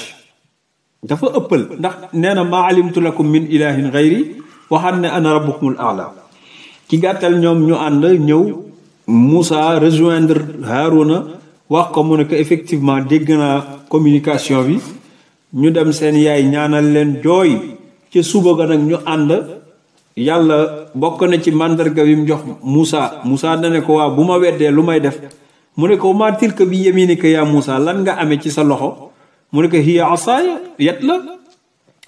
dafa ëppal ndax nee na maa alimtu lakum min ilahin gayri waxaan ne ana rabbukumul aala ci gàttal ñoom ñu ànd ñëw Moussa rejoindre Haruna wax ko mu ne que effectivement dégg naa communication bi ñu dem seen yaay ñaanal leen jooy ci suba ga nag ñu ànd yàlla bokk na ci màndarga bi mu jox Moussa na ne ko waa bu ma weddee lu may def mu ne ko maatil ka bi yaminika yaa Moussa lan nga amee ci sa loxo mu ne ko hiya asaaya yet la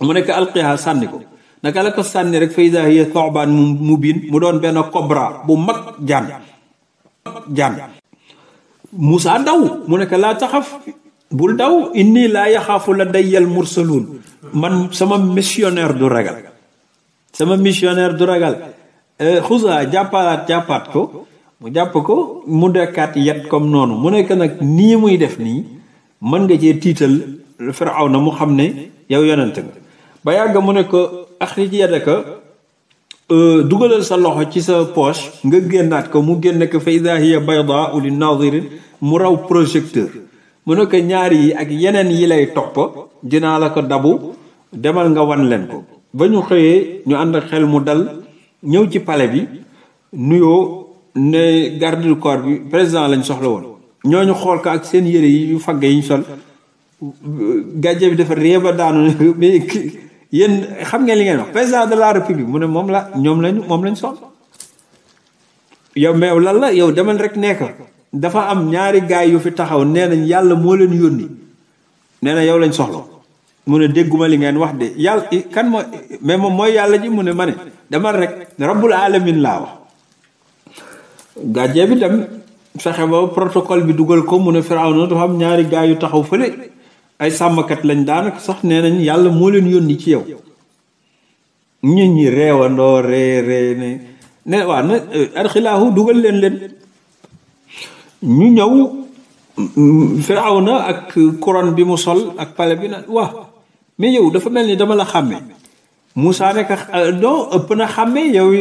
mu ne ko alqiha sànni ko naka la ko sànni rek fa idaa hiya mu mubin mu doon benn kobra bu mag jaan jaan daw mu nekk laa taxaf bul daw inni laa yaxaafu la dayyal mursaluun man sama missionnaire du ragal sama missionnaire du ragal eh, xusa jàppalaat jàppaat ko mu jàpp ko mu dekkaat yet comme noonu mu nekk nag nii muy def nii mën nga cee tiital firaw na mu xam ne yow yonant nga ba yàgg mu ne ko axrij yadaka euh, dugalal sa loxo ci sa poche nga génnaat ko mu génn ko fa ida hiya baydaa li nazirin mu raw projecteur mu ne ko ñaari yi ak yeneen yi lay topp dinaa la ko dabu demal nga wan leen ko ba ñu xëyee ñu ànd xel mu dal ñëw ci pale bi nuyoo ne garde du bi président lañ soxla woon ñu xool ko ak seen yére yi yu fagge yi ñu sol gàjje bi dafa réeba daanu mais yéen xam ngeen li ngeen wax président de la république mu ne moom la ñoom lañu moom lañu sonn yow mais lan la yow demal rek nekk dafa am ñaari gaay yu fi taxaw nee nañ yàlla moo leen yónni nee na yow lañ soxla mu ne dégguma li ngeen wax de yàlla kan moo mais moom mooy yàlla ji mu ne ma ne demal rek rabbul alamin laa wax gàjjee bi dem fexe ba protocole bi dugal ko mu ne Firawna dafa am ñaari gaay yu taxaw fële ay sàmmkat lañ daanaka sax nee nañ yàlla moo leen yónni ci yow ñit ñi reewandoo ree ree ne ne waa na eh, arxilaahu dugal leen leen ñu ñëw mm, na ak couronne bi mu sol ak pale bi nag waa mais yow dafa mel ni dama la xàmme musaa ne ko euh, non ëpp na xàmme yow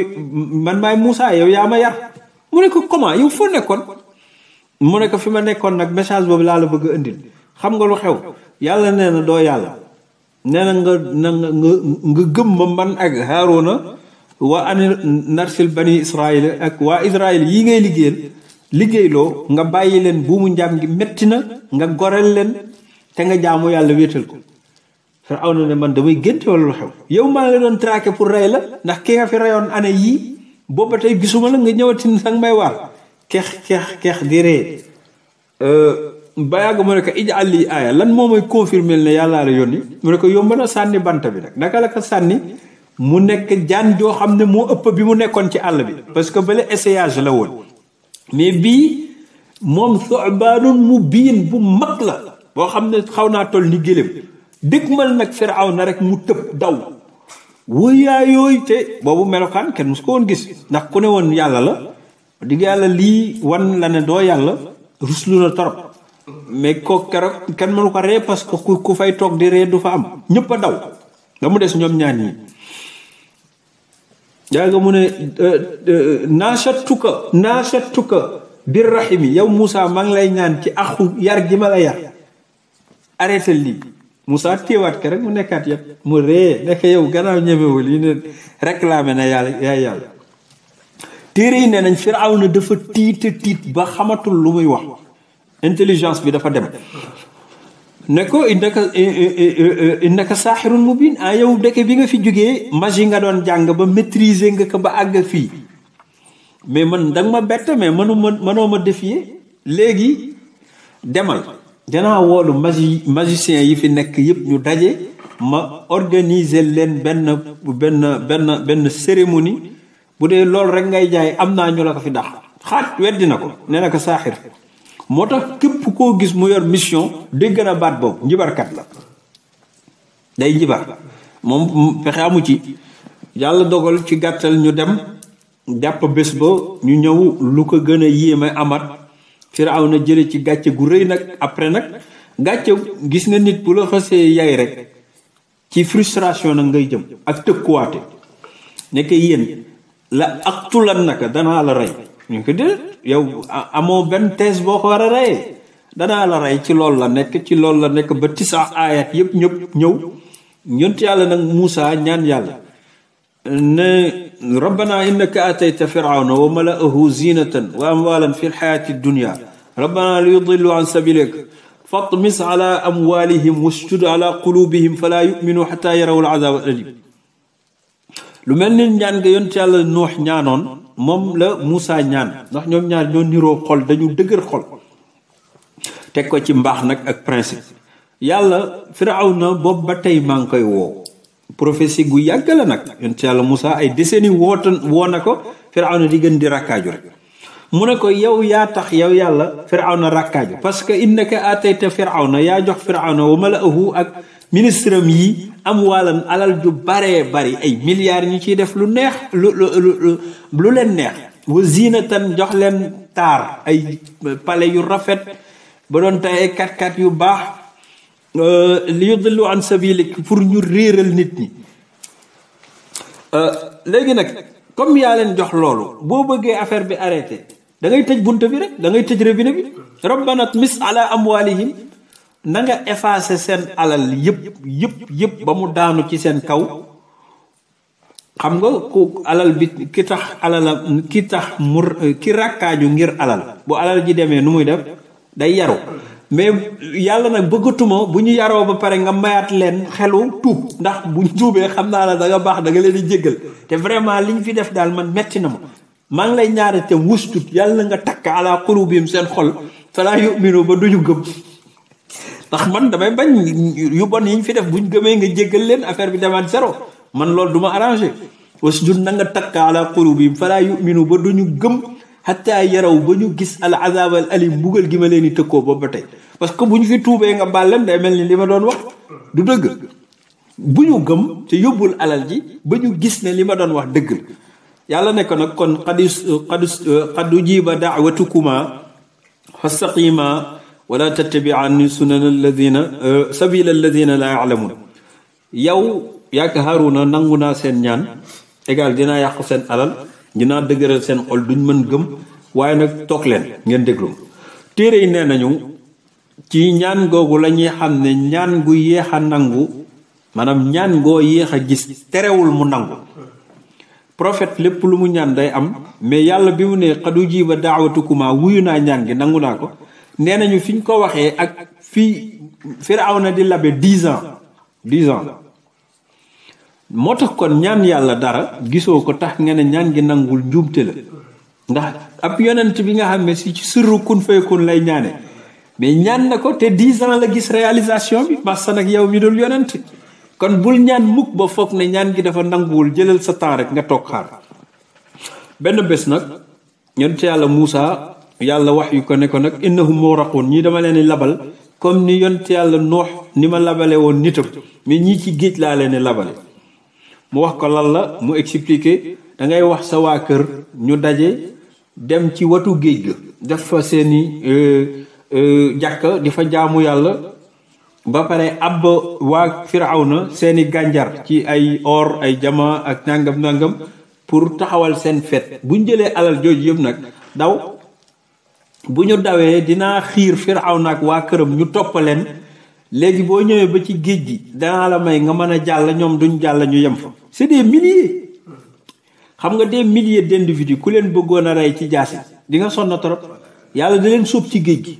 man maay Moussa yow yaa ma yar mu ne ko comment yow foo nekkoon mu ne fi ma nekkoon nag message boobu laa la bëgg a indil xam nga lu xew yàlla nee na doo yàlla nee na nga na nga nga gëm ma man ak Haaruna waa ani narsil bani Israayil ak waa Israayil yi ngay liggéey liggéeyloo nga bàyyi leen buumu njaam gi metti na nga goreel leen te nga jaamu yàlla wéetal ko Firawna ne man damay génte wala lu yow maa ngi doon traqué pour rey la ndax ki nga fi reyoon année yii booba tey gisuma la nga ñëwatin sang may waar keex keex keex di ree euh, ba yàgg mu ne ko ij'al lii aaya lan moo may confirmer ne yàllaa la yónni mu ne ko yomb a sànni bant bi nag naka la ko sànni mu nekk jaan joo xam ne moo ëpp bi mu nekkoon ci àll bi parce que bale essayage la woon mais bii moom sobaanun mu biin bu mag la boo xam ne xaw naa toll ni gëléem dëgmal nag firaw na rek mu tëb daw wëyaa yooyu te boobu melokaan kenn musu ko woon gis ndax ku ne woon yàlla la digg yàlla lii wan la ne doo yàlla ruslu na mais kooku keroog kenn mënu ko ree parce que ku ku fay toog di ree du fa am ñëpp a daw nga mu des ñoom ñaan yi yaa nga mu ne euh, euh, naasatuka naasatuka bir rahimi yow Moussa maa ngi lay ñaan ci axu yar gi ma la yar arrêté lii Moussa téewaat ko rek mu nekkaat yëpp mu ree nekk yow gannaaw ñemewul yi ne réclamé na yàlla yàlla téere yi ne nañ dafa tiita tiit ba xamatul lu muy wax intelligence bi dafa dem ne ko innaka innaka saaxirun mubin ah yow dëkk bi nga fi jógee magie nga doon jàng ba maîtriser nga ko ba àgg fii mais man danga ma bett mais mënu ma mënoo ma défier léegi demal danaa woolu magi magicien yi fi nekk yëpp ñu daje ma organiser leen benn benn benn benn cérémonie bu dee loolu rek ngay jaay am naa ñu la ko fi dax xaat weddi na ko nee na saaxir moo tax képp koo gis mu yor mission dégg na baat boobu njibarkat la day njibar moom pexe amu ci yàlla dogal ci gàttal ñu dem jàpp bés ba ñu ñëw lu ko gën a yéeme amat firaw na jële ci gàcce gu rëy nag après nag gàcce gis nga nit bu la xasee yaay rek ci frustration nag ngay jëm ak tëkkuwaate nekk yéen la aktulan naka danaa la rey yow amoo benn thèse boo ko war a reyee danaa la rey ci loolu la nekk ci loolu la nekk ba tisa aayat yëpp ñëpp ñëw yont yàlla nag Muusa ñaan yàlla ne rabbana innaka atayta firawna wa malaahu zinatan wa amwalan fi lxayaati dunia rabbana li yudillu an sabilik fatmis ala amwalihim wasjud ala qulubihim fala yuminu xata yaraw alazab alim lu mel ni ñaan nga yont yàlla noox ñaanoon moom la Moussa ñaan ndax ñoom ñaar ñoo niroo xol dañu dëgër xol teg ko ci mbaax nag ak principe yàlla Firawna boobu ba tey maa ngi koy woo prophétie gu yàgg la nag yont yàlla Moussa ay décennies woota woo na ko Firawna di gën di rakkaaju rek mu ne ko yow yaa tax yow yàlla Firawna rakkaaju parce que innaka atayta na yaa jox Firawna wa malaahu ak ministre am yi am alal ju baree bari ay milliards ñu ciy def lu neex lu lu lu leen neex wa zinatan jox leen taar ay palais yu rafet ba doon tay ay kat-kat yu baax euh, li yudillu an sabilik pour ñu réeral nit ñi euh, léegi nag comme yaa leen jox loolu boo bëggee affaire bi arrêté da ngay tëj bunta bi rek da ngay tëj robinet bi rabbana tmis ala amwalihim na nga effacer seen alal yëpp yëpp yëpp ba mu daanu ci seen kaw xam nga ku alal bi ki tax alala ki tax mur rakkaaju ngir alal bu alal ji demee nu muy def day yaru mais yàlla nag bëggatuma bu ñu yaroo ba pare nga mayaat leen xelu tuub ndax bu ñu tuubee xam naa la da baax da nga leen di jéggal te vraiment li ñu fi def daal man metti na ma maa lay ñaari te wustut yàlla nga takk ala qulubihim seen xol fala yu'minu ba duñu gëm ndax man damay bañ yu bon yi ñu fi def bu ñu gëmee nga jéggal leen affaire bi demaat sero man loolu duma ma oo wasjud na nga takk ala qulubihim fala yuminu ba du ñu gëm xatta yaraw ba ñu gis al azab al alim gi ma leen di tëkkoo boobu ba tey parce que bu ñu fi tuubee nga baal day mel ni li ma doon wax du dëgg bu ñu gëm te yóbbul alal ji ba ñu gis ne li ma doon wax dëgg la yàlla nekk nag kon xadis xadis xadu jiiba daawatukumaa fa saqima wala tattabi'anni sunana alladina sabila alladina la ya'lamun yow yaakaaruna nangu naa seen ñaan égal dinaa yàqu seen alal dinaa dëgëral seen xol duñ mën gëm waaye nag toog leen ngeen déglu téere yi nee nañu ci ñaan googu la ñuy xam ne ñaan gu yéex a nangu maanaam ñaan goo yéex a gis terewul mu nangu prophète lépp lu mu ñaan day am mais yàlla bi mu ne xadu jiiba daawatukumaa wuyu naa ñaan gi nangu naa ko nee nañu fi ñu ko waxee ak fii na di labe dix ans dix ans moo tax kon ñaan yàlla dara gisoo ko tax nga ne ñaan gi nanguwul njuumte la ndax ab yonent bi nga xam ne si ci sirru kun fayakun lay ñaane mais ñaan na ko te dix ans la gis réalisation bi massa nag yow mi dul yonent kon bul ñaan mukk ba foog ne ñaan gi dafa nanguwul jëlal sa temps rek nga toog xaar benn bés nag yonent yàlla Muusa yàlla wax yu ko ne ko nag innahum muxraquun ñii dama leen labal comme ni yont yàlla noox ni ma labale woon nitam mais ñii ci géej laa leen labale mu wax ko lan la mu expliqué dangay wax sa waa kër ñu daje dem ci watu géej ga def fa seeni euh, euh, jàkka di fa jaamu yàlla ba pare ab waa firawna seeni gànjar ci ay or ay jama ak nàngam nàngam pour taxawal seen fet buñ jëlee alal jooju yëpp nag daw bu ñu dawee dinaa xiir Firawna ak waa këram ñu toppaleen léegi boo ñëwee ba ci géej gi danaa la may nga mën a jàll ñoom duñ jàll ñu yem fa c'est des milliers xam nga des milliers d'individus ku leen bëggoon a rey ci jaasi di nga sonna trop yàlla da leen sóob ci géej gi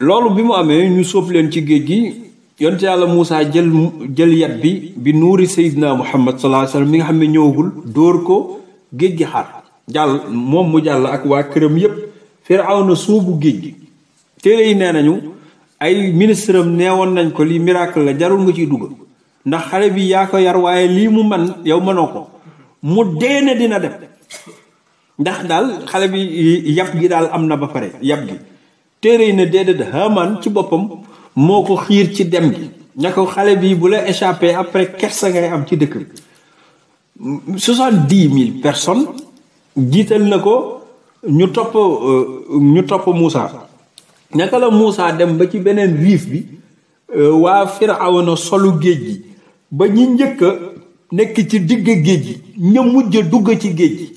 loolu bi mu amee ñu sóob leen ci géej gi yonte yàlla Moussa jël jël yat bi bi nuuri Seydina Muhammad sallallahu alayhi wasallam mi nga xam ne ñëwagul dóor ko géej gi xaar jàll moom mu jàll ak waa këram yépp na suubu géej gi téere yi nee nañu ay ministre neewoon nañ ko lii miracle la jarul nga ciy dugg ndax xale bi yaa ko yar waaye lii mu man yow mënoo ko mu dee ne dina dem ndax daal xale bi yab gi daal am na ba pare yab gi téere yi ne déedéet Haman ci boppam moo ko xiir ci dem gi ña ko xale bi bu la échappé après kersa ngay am ci dëkk bi soixante-dix mille personnes jiital na ko ñu topp euh, ñu topp muusa naka la Moussa dem ba ci beneen riif bi euh, waa Firawna solu géej gi ba ñi njëkk a nekk ci digg géej gi ña mujj dugg ci géej gi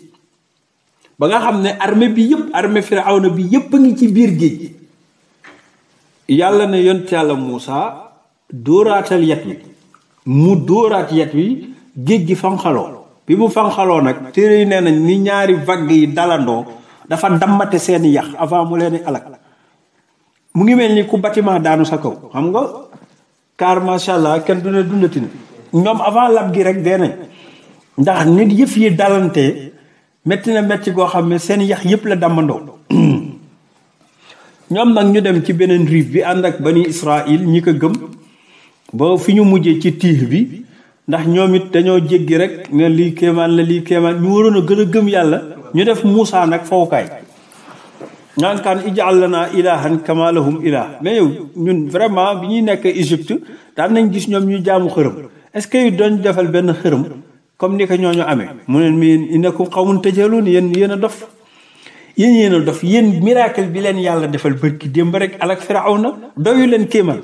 ba nga xam ne armée bi yëpp armée Firawna bi yëpp a ngi ci biir géej gi yàlla ne yont yàlla Moussa dooraatal yet wi mu dooraat yet wi géej gi fanxaloo bi mu fanxaloo nag téere yi nee nañ ni ñaari vague yi dalandoo dafa dammate seeni yax avant mu leen alak mu ngi mel ni ku bâtiment daanu sa kaw xam nga car macha allah kenn du ne dundati na ñoom avant lab gi rek dee nañ ndax nit yëf yi dalante métti na métti goo xam ne seen yax yëpp la dàmmandoo ñoom nag ñu dem ci beneen riif bi ànd ak bani Israël ñi ko gëm ba fi ñu mujjee ci tiix bi ndax ñoom it dañoo jéggi rek ne lii kéemaan la lii kéemaan ñu waroon a gën a gëm yàlla ñu def Moussa nag fawukaay ñaan kaan ijaal lana ilahan kama lahum ilah mais yow ñun vraiment bi ñuy nekk Égypte daan nañ gis ñoom ñuy jaamu xërëm est-ce que yu doon defal benn xërëm comme ni ko ñooñu amee mu ne mi innakum qawmun tajhaluun yéen yéen a dof yéen yéen dof yéen miracle bi leen yàlla defal bërki démb rek alak na doyu leen kéemal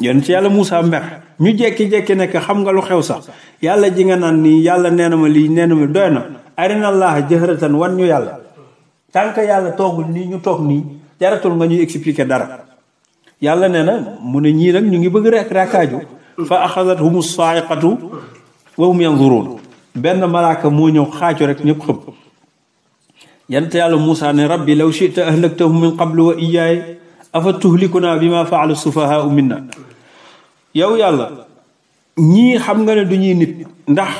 yéen ci yàlla Moussa mer ñu jekki-jekki nekk xam nga lu xew sax yàlla ji nga naan nii yàlla nee na ma lii nee na doy na arina allah jëhratan wan ñu yàlla tant que yàlla toogul nii ñu toog nii jaratul nga ñuy expliquer dara yàlla nee na mu ne ñii nag ñu ngi bëgg rek rakkaaju fa axadathum saaiqatu wa hum yanzuruun benn malaaka moo ñëw xaaju rek ñépp xëpp yant yàlla Moussa ne rabbi law shita ahlaktahum min qablu wa iyaay afa tuhlikunaa bi ma faalu sufahaau minna yow yàlla ñii xam nga ne duñuy nit ndax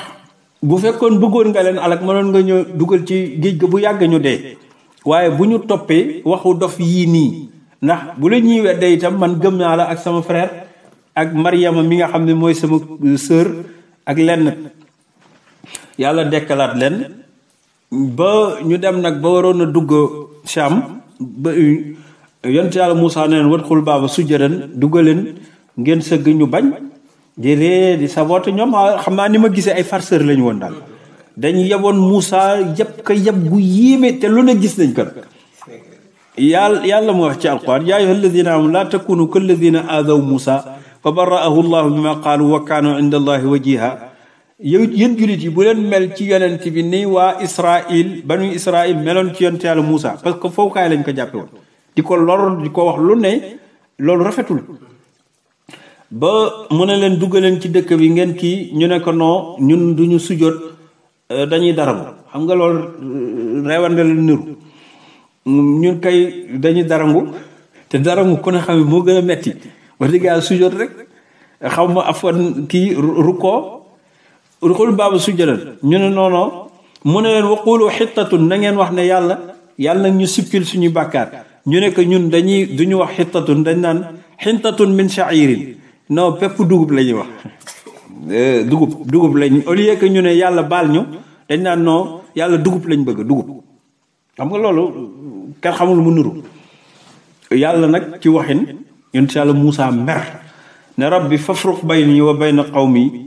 bu fekkoon bëggoon nga leen alak mënoon nga ñëw dugal ci géej ga bu yàgg ñu dee waaye bu ñu toppee waxu dof yii nii ndax bu la ñuy weddee itam man gëm naa la ak sama frère ak Mariama mi nga xam ne mooy sama euh, sœur ak lenn yàlla dekkalaat leen ba ñu dem nag ba waroon a dugg Sham ba euh, yonent yàlla Moussa ne leen wat xul baaba sujjadan duggaleen ngeen sëgg ñu bañ di ree di saboote ñoom ah, xam naa ni ma gisee ay farceur lañu woon daal dañ yeboon Moussa yëpp ko yeb gu yéeme te lu ne gis nañ ko yàlla yàlla moo wax ci alquran yaa ayyuha alladina amanu laa takunu ka alladina aadaw Moussa fa baraahu llahu bima qaalu wa kaanu inda allahi wajiha yow jullit yi bu leen mel ci yonent bi ni waa ba banu Israil meloon ci yonent yàlla muusa parce que foofu kaay lañ ko jàppe woon di ko lor di ko wax lu ne loolu rafetul ba mu ne leen duggaleen ci dëkk bi ngeen kii ñu ne ko non ñun du ñu sujjóot euh, dañuy daramu xam nga loolu euh, reewande niru ñun kay dañuy darangu te darangu ku ne xam moo gën a metti wax dëgg yàlla sujjóot rek xaw ma afwan kii rukkoo rukkul baabu sujjóotal ñu ne non non mu ne leen waqulu xittatun na ngeen wax ne yàlla yàlla ñu sippil suñu bàkkaat ñu ne ko ñun dañuy du duñu wax xittatun dañ naan xintatun min shairin non pepp dugub la ñuy wax eh, dugub dugub lañ au que ñu ne yàlla baal ñu dañ naan noo yàlla dugub lañ bëgg dugub xam nga loolu kenn xamul mu nuru yàlla nag ci waxin yonent yàlla Muusaa mer ne rabbi fafruq bayni wa bayna qawmi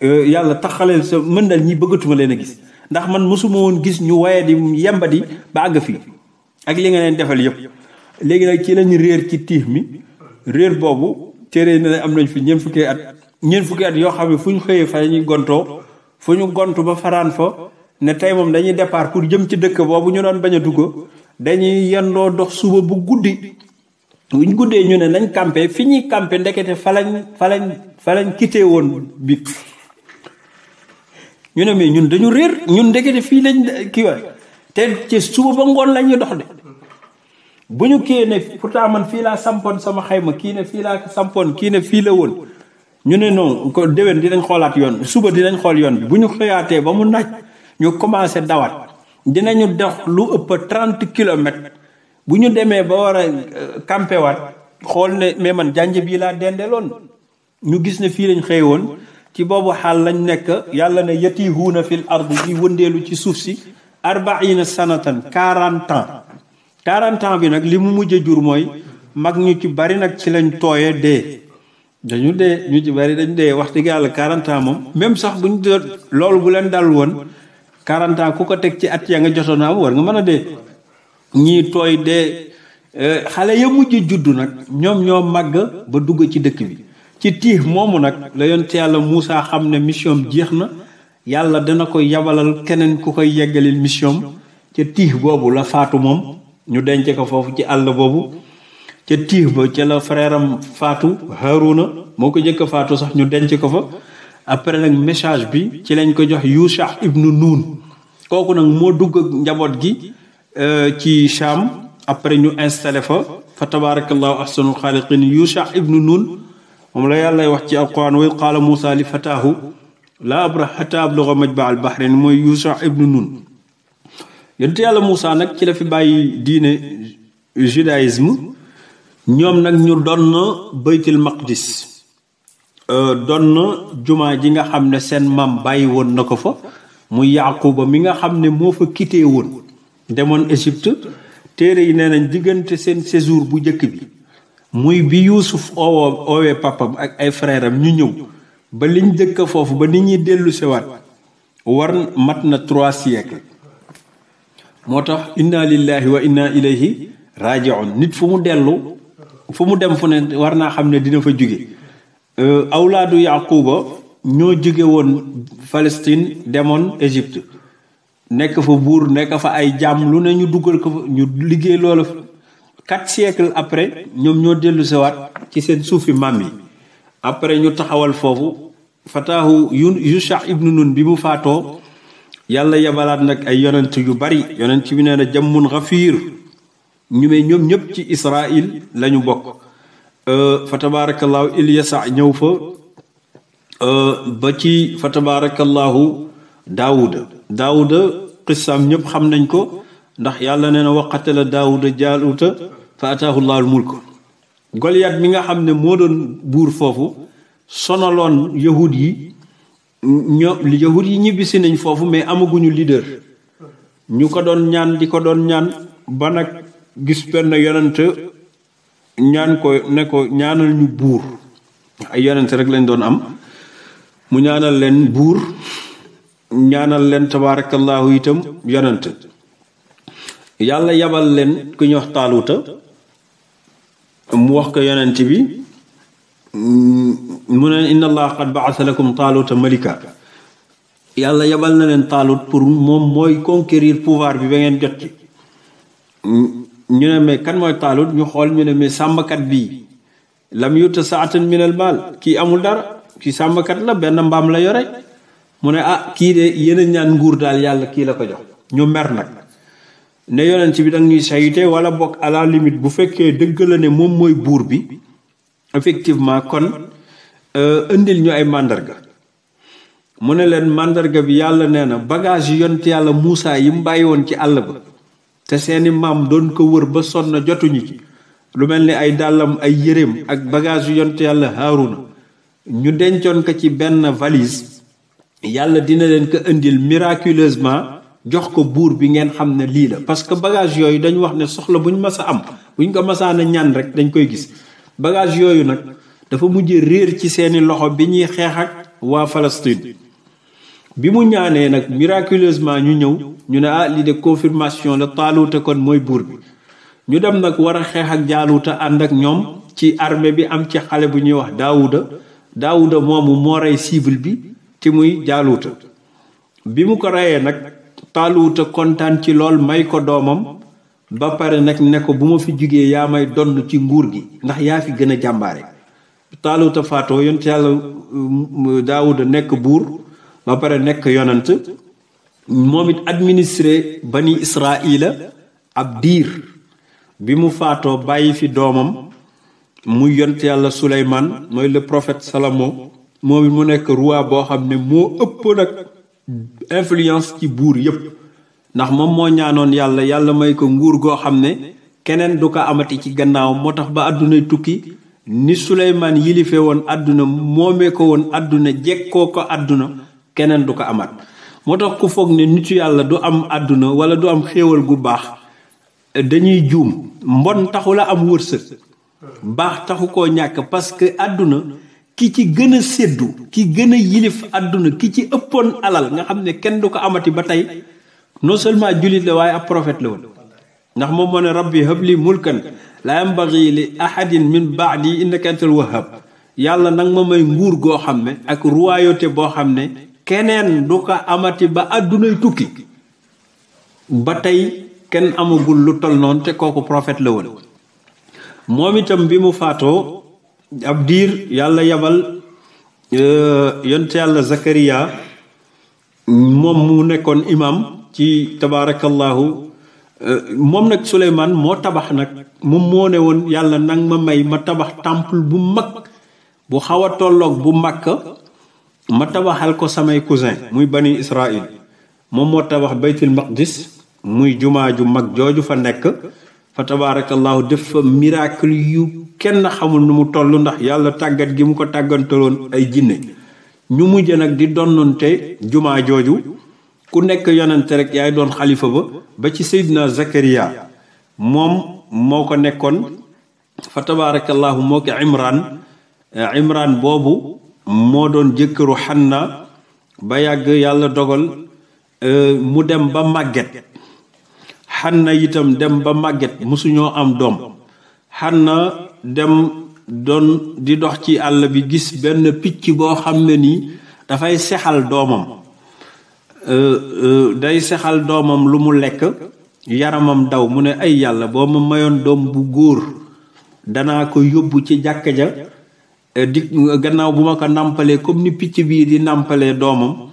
eh, yàlla taxaleel sa mën dal ñi bëggatuma leen a gis ndax man mosuma woon gis ñu waye di yembadi ba àgg fii ak li nga leen defal yëpp léegi nag ci lañu réer ci tiix mi réer boobu téere yi ne am nañ fi ñeent fukki at ñeent fukki at yoo xam ne fu ñu xëyee fa ñuy gontoo fu ñu gont ba faraan fa ne tey moom dañuy départ pour jëm ci dëkk boobu ñu doon bañ a dugg dañuy yendoo dox suba bu guddi buñ guddee ñu ne lañ campé fi ñuy campé ndekete fa lañ fa lañ fa lañ quitté woon bi ñu ne mais ñun dañu réer ñun ndekete fii lañ kii wa te ci suba ba ngoon la ñuy dox de bu ñu kii ne pourtant man fii laa sampoon sama xayma kii ne fii laa sampoon kii ne fii la woon ñu ne noonu ko déwén dinañ xoolaat yoon suba dinañ xool yoon bi bu ñu xëyaatee ba mu naaj ñu commencé dawaat dinañu dox lu ëpp trente kilomètres bu ñu demee ba war a euh, campé xool ne mais man jànj bii laa dendee loon ñu gis ne fii lañ xëy woon ci boobu xaal lañu nekk yàlla ne yatihuuna fil ardi di wëndeelu ci suuf si arbaina sanatan quarante ans quarante ans bi nag li mu mujj jur mooy mag ñu ci bari nag ci lañ tooyee dee dañu dee ñu ci bari dañu dee wax dëgg yàlla quarante moom même sax bu ñu loolu bu leen dal woon quarante ans ku ko teg ci at ya nga jotoon war nga mën a dee ñii tooy dee eh, xale ya mujj juddu nag ñoom ñoo màgg ba dugg ci dëkk bi ci tiix moomu nag la yonent yàlla Moussa xam ne mission jeex na yàlla dana ko yabalal keneen ku koy yeggalil mission ca tiix boobu la faatu moom ñu denc ko foofu ci àll boobu ca tiix ba ca la frère faatu Haruna moo ko njëkk a faatu sax ñu denc ko fa après nag message bi ci lañ ko jox Yusha ibnu Nun kooku nag moo dugg ak njaboot gi euh, ci Sham après ñu installé fa fa tabarakallahu ahsanul xaaliqin Yusha ibnu Nun moom la yàlla wax ci alquran way qaala Moussa li fataahu la abra hatta abluga majba al bahrain mooy Yusha ibnu Nun yonent yàlla Moussa nag ci la fi bàyyi diine judaïsme ñoom nag ñu donn baytul maqdis euh, donn jumaa ji nga xam ne seen maam bàyyi woon na ko fa muy yaaquba mi nga xam ne moo fa quitté woon demoon Égypte téere yi nee nañ diggante seen séjour bu njëkk bi muy bi Yuusuf oowoo oowee papam ak ay frère am ñu ñëw ba liñ dëkk foofu ba nit ñuy dellu siwaat war mat na trois siècles moo tax inna lillahi wa inna ilayhi rajiun nit fu mu dellu fu mu dem fu ne war naa xam ne dina fa jóge euh, awlaadu yaquba ñoo jóge woon Palestine demoon Égypte nekk fa buur nekk fa ay jàmm lu ne ñu duggal ko ñu liggéey loola quatre siècles après ñoom ñoo dellu sewaat ci seen suufi maam yi après ñu taxawal foofu yu Yusha ibnu Nun bi mu faatoo yàlla yebalaat nag ay yonent yu bari yonent bi nee na jammun xafiir ñu mee ñoom ñëpp ci Israil lañu ñu bokk euh, fa tabaarakallaahu Ilyasa ñëw fa euh, ba ci fa tabaarakallaahu daawuda daawuda qissaam ñëpp xam nañ ko ndax yàlla nee na la daawuda jaaluta fa ataahu llaahu mulk Goliath mi nga xam ne moo doon buur foofu sonaloon yahud yi ñoo yahut yi ñibbisi nañ foofu mais amaguñu leader ñu ko doon ñaan di ko doon ñaan ba nag gis benn yonent ñaan ko ne ko ñaanal ñu buur ay yonent rek lañ doon am mu ñaanal leen buur ñaanal leen tabaarakallahu itam yonent yàlla yebal leen ku ñu wax taaluta mu wax ko yonent bi mu ne inna allah qad baasa lakum malika yàlla yebal na leen taalut pour moom mooy conquérir pouvoir bi ba ngeen jot ci ñu ne mais kan mooy taalut ñu xool ñu ne mais sàmmkat bii lam yutta saatan min al maal kii amul dara kii sàmmkat la benn mbaam la yore mu ne ah kii de yeneen ñaan nguur daal yàlla kii la ko jox ñu mer nag ne ci bi danga ñuy sayite wala bokk à la bu fekkee dëgg la ne moom mooy buur bi effectivement kon euh, indil ñu ay màndarga mu ne leen màndarga bi yàlla nee na bagage yu yont yàlla Moussa yi mu bàyyi woon ci àll ba te seeni maam doon ko wër ba sonn jotuñu ci lu mel ni ay dàllam ay yëreem ak bagage yu yont yàlla Haaruna ñu dencoon ko ci benn valise yàlla dina leen ko indil miraculeusement jox ko buur bi ngeen xam ne lii la parce que bagage yooyu dañu wax ne soxla buñ mës a am buñ ko mësaan a ñaan rek dañ koy gis bagage yooyu nag dafa mujj réer ci seeni loxo bi ñuy xeex ak waa Palestine bi mu ñaanee nag miraculeusement ñu ñëw ñu ne ah lii de confirmation la taaluta kon mooy buur bi ñu dem nag war a xeex ak jaaluta ànd ak ñoom ci armée bi am ci xale bu ñuy wax daawuda daawuda moomu moo rey cible bi ci muy jaaluta bi mu ko reyee nag taaluta kontaan ci lool may ko doomam ba pare nag ne ko bu ma fi jugee yaa may donn ci nguur gi ndax yaa fi gën a jàmbaare taaluta faatoo yonent yàlla euh, daawuda nekk buur ba pare nekk yonant moom it administré bani israila ab diir bi mu faatoo bàyyi fi doomam muy yonent yàlla suleyman mooy le prophète salamo moom it mu nekk roi boo xam ne moo ëpp nag influence ci buur yépp ndax moom moo ñaanoon yàlla yàlla may ko nguur goo xam ne keneen du ko amati ci gannaaw moo tax ba àdduna tukki ni Suleymaan yilife woon àdduna moomee ko woon àdduna jekkoo ko àdduna keneen du ko amat moo tax ku foog ne nitu yàlla du am àdduna wala du am xéewal gu baax dañuy juum mbon taxu la am wërsëg baax taxu ko ñàkk parce que àdduna ki ci gën a séddu ki gën a yilif àdduna ki ci ëppoon alal nga xam ne kenn du ko amati ba tey non seulement jullit la waaye ab prophète la woon ndax moom moo ne rabbi habli mulkan la yambagi ahadin min baadi innaka antal wahhab yàlla nag ma may nguur goo xam ne ak royauté boo xam ne keneen du ko amati ba àddunay tukki ba tey kenn amagul lu tol noon te kooku prophète la woon moom itam bi mu faatoo ab diir yàlla yabal euh, yonte yàlla Zakariya moom mu nekkoon imam ci tabaarakallahu euh, moom nag Suleymaan moo tabax nag moom moo ne woon yàlla nag ma may ma tabax temple bu mag bu xaw a tolloog bu mag ma tabaxal ko samay cousin muy bani Israil moom moo tabax baytul maqdis muy jumaa ju mag jooju fa nekk fa tabaarakallahu def fa miracle yu kenn xamul nu mu toll ndax yàlla tàggat gi mu ko tàggantaloon ay jinne ñu mujj nag di donnante jumaa jooju ku nekk yonent rek yaay doon xalifa ba ba ci Seydina Zakaria moom moo ko nekkoon fa tabarakallahu moo ko Imran eh, Imran boobu moo doon jëkkëru Xanna ba yàgg yàlla dogal eh, mu dem ba màgget Xanna itam dem ba màgget mosuñoo am doom Xanna dem doon di dox ci àll bi gis benn picc boo xam ne nii dafay sexal doomam Euh, euh, day sexal doomam lu mu lekk yaramam daw mu ne ay yàlla boo ma mayoon doom bu góor danaa ko yóbbu ci jàkka ja eh, di gannaaw bu ma ko nàmpalee comme ni picc bii di nàmpalee doomam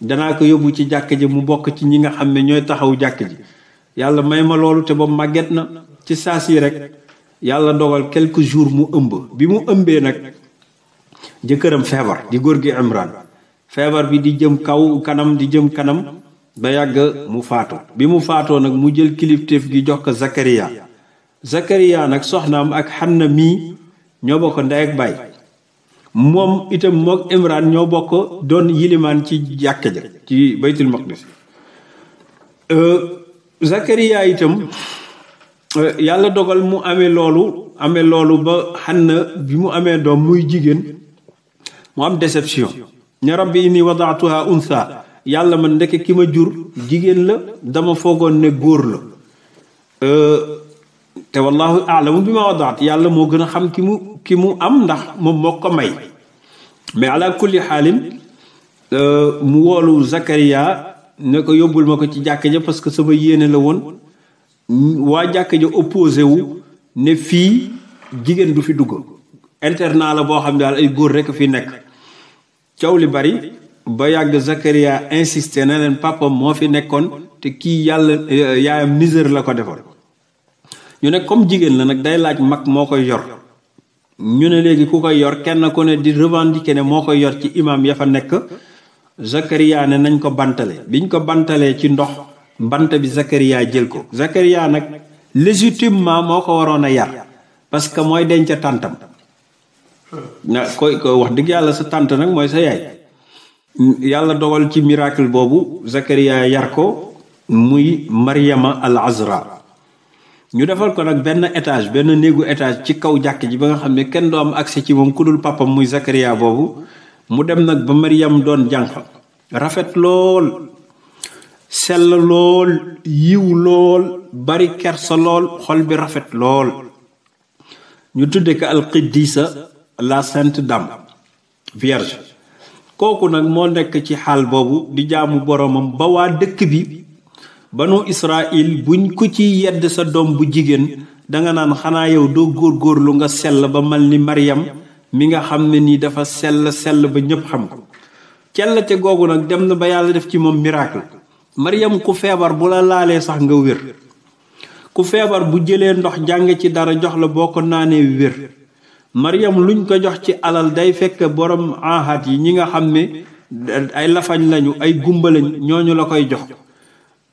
danaa ko yóbbu ci jàkka ja mu bokk ci ñi nga xam ne ñooy taxaw jàkka ji yàlla may ma loolu te ba màgget na ci saa si rek yàlla dogal quelques jours mu ëmb bi mu ëmbee nag jëkkëram feebar di góor gi Imran feebar bi di jëm kaw kanam di jëm kanam ba yàgg mu faatu bi mu faatoo nag mu jël kilifteef gi jox ko Zakaria Zakaria nag soxnaam ak Xanna mii ñoo bokk ndey ak baay moom itam mook Imran ñoo bokk doon yilimaan ci jàkka ja ci baytul maqdis euh, Zakaria itam euh, yàlla dogal mu amee loolu amee loolu ba Xanna bi mu amee doom muy jigéen mu am déception ne rabbi inni wadaatuha untha yàlla man ndeke ki ma jur jigéen la dama foogoon ne góor la euh, te wallahu alamu bi ma wadaat yàlla moo gën a xam ki mu ki mu am ndax moom moo ko may mais ala kulli xaalin euh, mu woolu Zakaria ne ko yóbbul ma ko ci jàkka ja parce que sama yéene la woon waa jàkka ja opposé wu ne fii jigéen du fi dugg internat la boo xam ne daal ay góor rekk fi nekk coow li bari ba yàgg Zakaria insisté na leen papam moo fi nekkoon te kii yàlla euh, yaayam misère la ko defoon ñu ne comme jigéen la nag day laaj mag moo koy yor ñu ne léegi ku koy yor kenn ku ne di revendiquer ne moo koy yor ci imam ya fa nekk Zakaria ne nañ ko bantale biñ ko bantalee ci ndox bant bi Zakaria jël ko Zakaria nag légitimement moo ko waroon a yar parce que mooy denc tàntam na koy ko wax digg yàlla sa tànt nag mooy sa yaay yàlla dogal ci miracle boobu Zakaria yar ko muy Maryama al Azra ñu defal ko nag benn étage benn néegu étage ci kaw jàkk ji ba nga xam ne kenn du am accès ci moom ku dul pàppam muy Zakaria boobu mu dem nag ba Maryam doon jànq rafet lool sell lool yiw lool bari kersa lool xol bi rafet lool ñu tudde ko alqiddisa la Sainte Dame Vierge kooku nag moo nekk ci xaal boobu di jaamu boroomam ba waa dëkk bi banu Israil buñ ko ci yedd sa doom bu jigéen danga naan xanaa yow doo lu nga sell ba mel ni Maryam mi nga xam ne nii dafa sell sell ba ñépp xam ko cell te googu nag dem na ba yàlla def ci moom miracle Maryam ku feebar bu la laalee sax nga wér ku feebar bu jëlee ndox jàng ci dara jox la boo ko naanee wér Maryam luñ ko jox ci alal day fekk borom ahat yi ñi nga xam ne ay lafañ lañu ay gumba lañ ñooñu la koy jox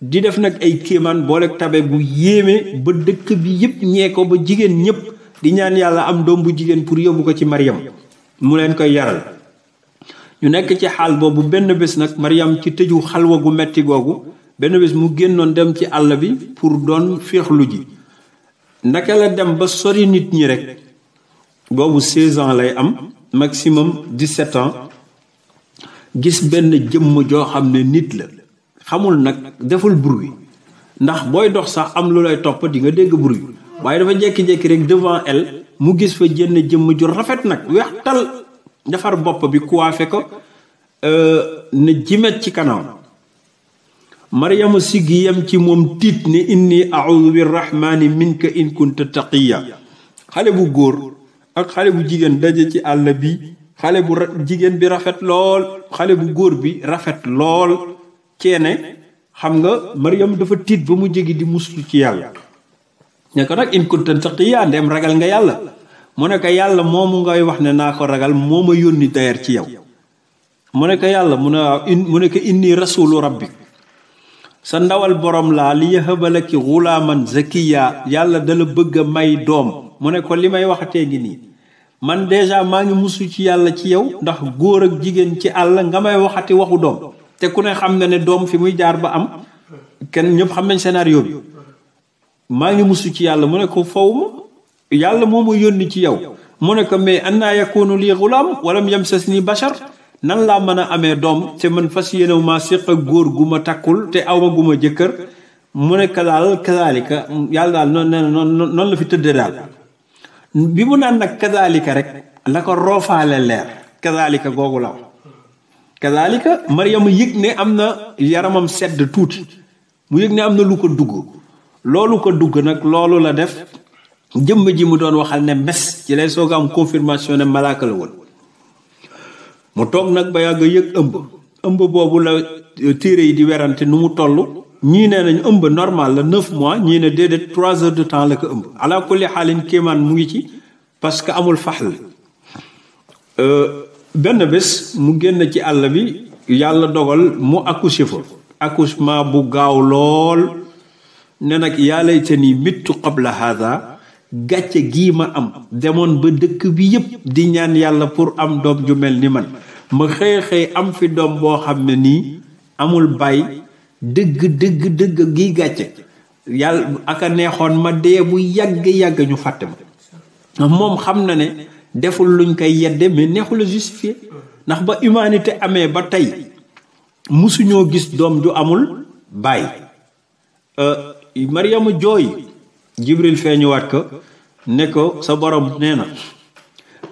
di def nag ay kéemaan boolek tabe bu yéeme ba dëkk bi yëpp ñee ko ba jigéen ñépp di ñaan yàlla am doom bu jigéen pour yóbbu ko ci Maryam mu leen koy yaral ñu nekk ci xaal boobu benn bés nag Maryam ci tëju xalwa gu metti googu benn bés mu génnoon dem ci àll bi pour doon féexlu ji naka la dem ba sori nit ñi rek boobu 16 lay am maximum 17 ans gis benn jëmm joo xam ne nit la xamul nag deful bruit ndax booy dox sax am lu lay topp di nga dégg bruit waaye dafa jékki-jékki rek devant elle mu gis fa jënn jëmm ju rafet nag weex tal defar bopp bi coiffé ko euh, ne jimet ci kanam maryamu si yam ci moom tiit ne inni audu bi rahmani minka in kunta taqiya xale bu góor ak xale bu jigéen daje ci àll bi xale bu jigéen bi rafet lool xale bu góor bi rafet lool ceene xam nga Maryam dafa tiit ba mu jegi di muslu ci yàlla ne ko nag in kuntan sax ti yaa ndeem ragal nga yàlla mu ne ko yàlla mu ngay wax ne naa ko ragal moo ma yónni dayer ci yow mu ne ko yàlla mu ne waaw in mu ne ko inni rasulu rabbik sa ndawal borom laa li yahabalaki xulaaman zakiya yàlla dala bëgg a may doom mu ne ko li may waxatee ngi nii man déjà maa ngi musu ci yàlla ci yow ndax góor ak jigéen ci àll nga may waxati waxu doom te ku ne xam nga ne doom fi muy jaar ba am kenn ñëpp xam nañ scénario bi maa ngi musu ci yàlla mu ne ko faw yàlla moo ma yónni ci yow mu ne ko mais an naa yakunu lii gulaam walam yamsasni bashar nan laa mën a amee doom te man fas yéenew maa séq ak góor gu ma takkul te awma gu ma jëkkër mu ne ko daal kazaalika yàlla daal noonu noonu la fi tëddee daal bi mu naan nag kazaalika rek la ko roofaale leer kazaalika googu la kazaalika Maryam yëg ne am na yaramam sedd tuuti mu yëg ne am na lu ko dugg loolu ko dugg nag loolu la def jëmm ji mu doon waxal ne mes ci lay soog am confirmation ne malaaka la woon mu toog nag ba yàgg yëg ëmb ëmb boobu la téere yi di werante nu mu toll ñii ne nañ ëmb normal la neuf mois ñii ne déedéet trois heures de temps la ko ëmb ala xaalin kéemaan mu ngi ci parce que amul faxl euh, benn bés mu génn ci àll bi yàlla dogal mu accouché fa accouchement bu gaaw lool ne nag yàlla yaa laytani mittu qabla hada gàcce gii ma am demoon ba dëkk bi yépp di ñaan yàlla pour am doom ju mel ni man ma xëy xëy am fi doom boo xam ne nii amul bay dëgg dëgg dëgg gi gàcce yàlla aka neexoon ma dee bu yàgg-yàgg ñu fàtte ma moom xam na ne deful luñ koy yedde mais neexul a justifier ndax ba humanité amee ba tey musuñoo gis doom ju amul baay euh, Mariama jooy Jibril feeñuwaat ko ne ko sa borom nee na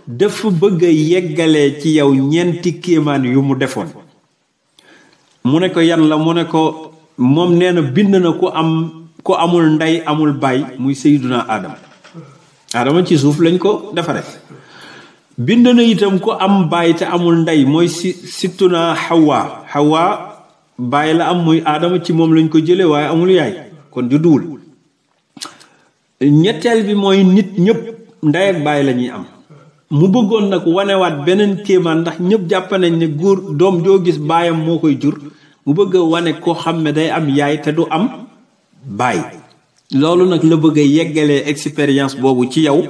dafa bëgg yeggalee ci yow ñeenti kéemaan yu mu defoon mu ne ko yan la mu ne ko moom nee na bind na ku am ku amul ndey amul baay muy sayyiduna Adama Adama ci suuf lañ ko defaree bind na itam ku am baay te amul ndey mooy si sittuna xawwa Hawa baay la am muy aadama ci moom lañ ko jëlee waaye amul yaay kon judduwul ñetteel bi mooy nit ñëpp ndey ak baay la am. mu bëggoon nag wanewaat beneen kéemaan ndax ñëpp jàpp nañ ne góor doom joo gis baayam moo koy jur mu bëgg wane koo xam ne day am yaay te du am baay loolu nag la bëgg yeggalee expérience boobu ci yow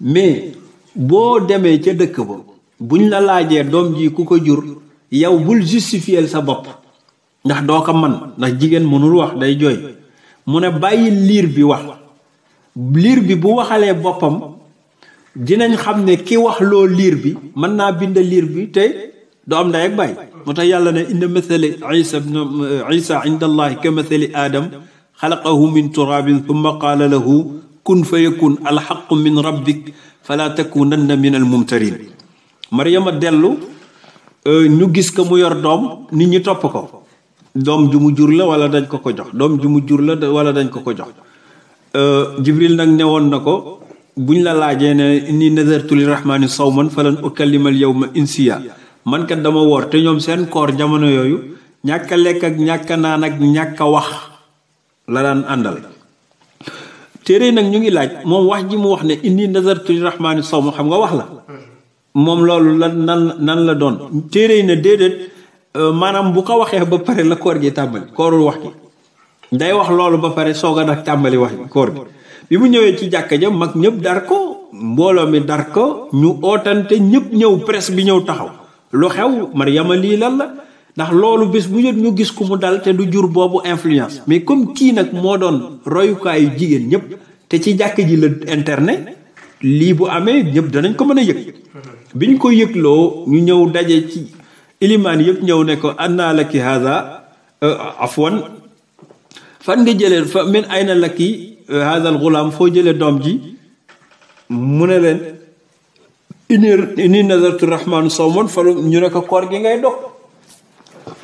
mais boo demee ca dëkk ba buñ la laajee doom ji ku ko jur yow bul justifier sa bopp ndax doo ko man ndax jigéen mënul wax day jooy mu ne bàyyi liir bi wax liir bi bu waxalee boppam dinañ xam ne ki wax loo liir bi mën naa bind liir bi te du am ndey ak baay moo tax yàlla ne inna mathali isa ibn isa inda allahi ka mathali aadam xalaqahu min turabin thumma qaala lahu kun fa yakun alxaqu min rabbik fala takunanna min almumtarin maryama dellu e, ñu gis ko mu yor doom nit ñi topp ko doom ju jur la wala dañ ko ko jox doom ju jur la wala dañ ko ko jox e, jibril nag ne woon na ko bu ñu la laajee ne inni nazartu li rahmaani sawman falan yow ma insiya man kat dama woor te ñoom seen koor jamono yooyu ñàkk lekk ak ñàkk a naan ak ñàkk wax la daan àndal. téere nag ñu ngi laaj moom wax ji mu wax ne inni nazartu li saw ma xam nga wax la moom loolu lan nan nan la doon téere na déedéet euh, maanaam bu ko waxee ba pare la koor gi tàmbali koorul wax gi day wax loolu ba pare soog a nag tàmbali wax koor gi. bi mu ñëwee ci jàkka ja mag ñépp dar ko mbooloo mi dar ko ñu ootante ñëpp ñëw presse bi ñëw taxaw lu xew Mariama lii lan la ndax loolu bés bu jot ñu gis ku mu dal te du jur boobu influence mais comme kii nag moo doon royukaayu jigéen ñépp te ci jàkk ji la internet lii bu amee ñëpp danañ ko mën a yëg bi ñu ko yëgloo ñu ñëw daje ci ilimaan yëpp ñëw ne ko anna laki haza euh, afwan fan nga jëlee fa min ayna laki haazal euh, gulaam foo jëlee doom ji mu ne leen inni nazartu rahmaanu sawman falu ñu ne koor gi ngay dog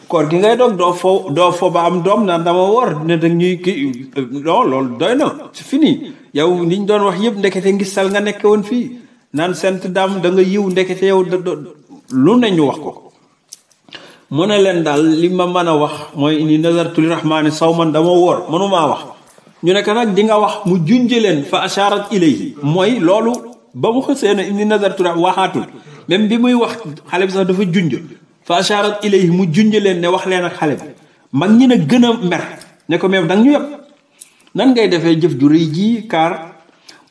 koor gi ngay dog doo fo doo fo am doom naan dama wor ne dag ñuy kii non loolu doy na c'est fini yow liñ doon wax yëpp ndekete sal nga nekke woon fii naan sent daam da nga yiw ndekete yow da lu ne ñu wax ko mu ne leen daal li ma mën a wax mooy inni nazartu li rahmaani sawman dama wor mënumaa wax ñu nekk nag di nga wax mu junj leen fa asharat ilayhi mooy loolu ba mu xësee na indi nazartu waxaatul même bi muy wax xale bi sax dafa junj fa asharat ilayhi mu junj leen ne wax leen ak xale bi mag ñi ne gën a mer ne ko même danga ñu yëpp nan ngay defee jëf ju rëy jii kaar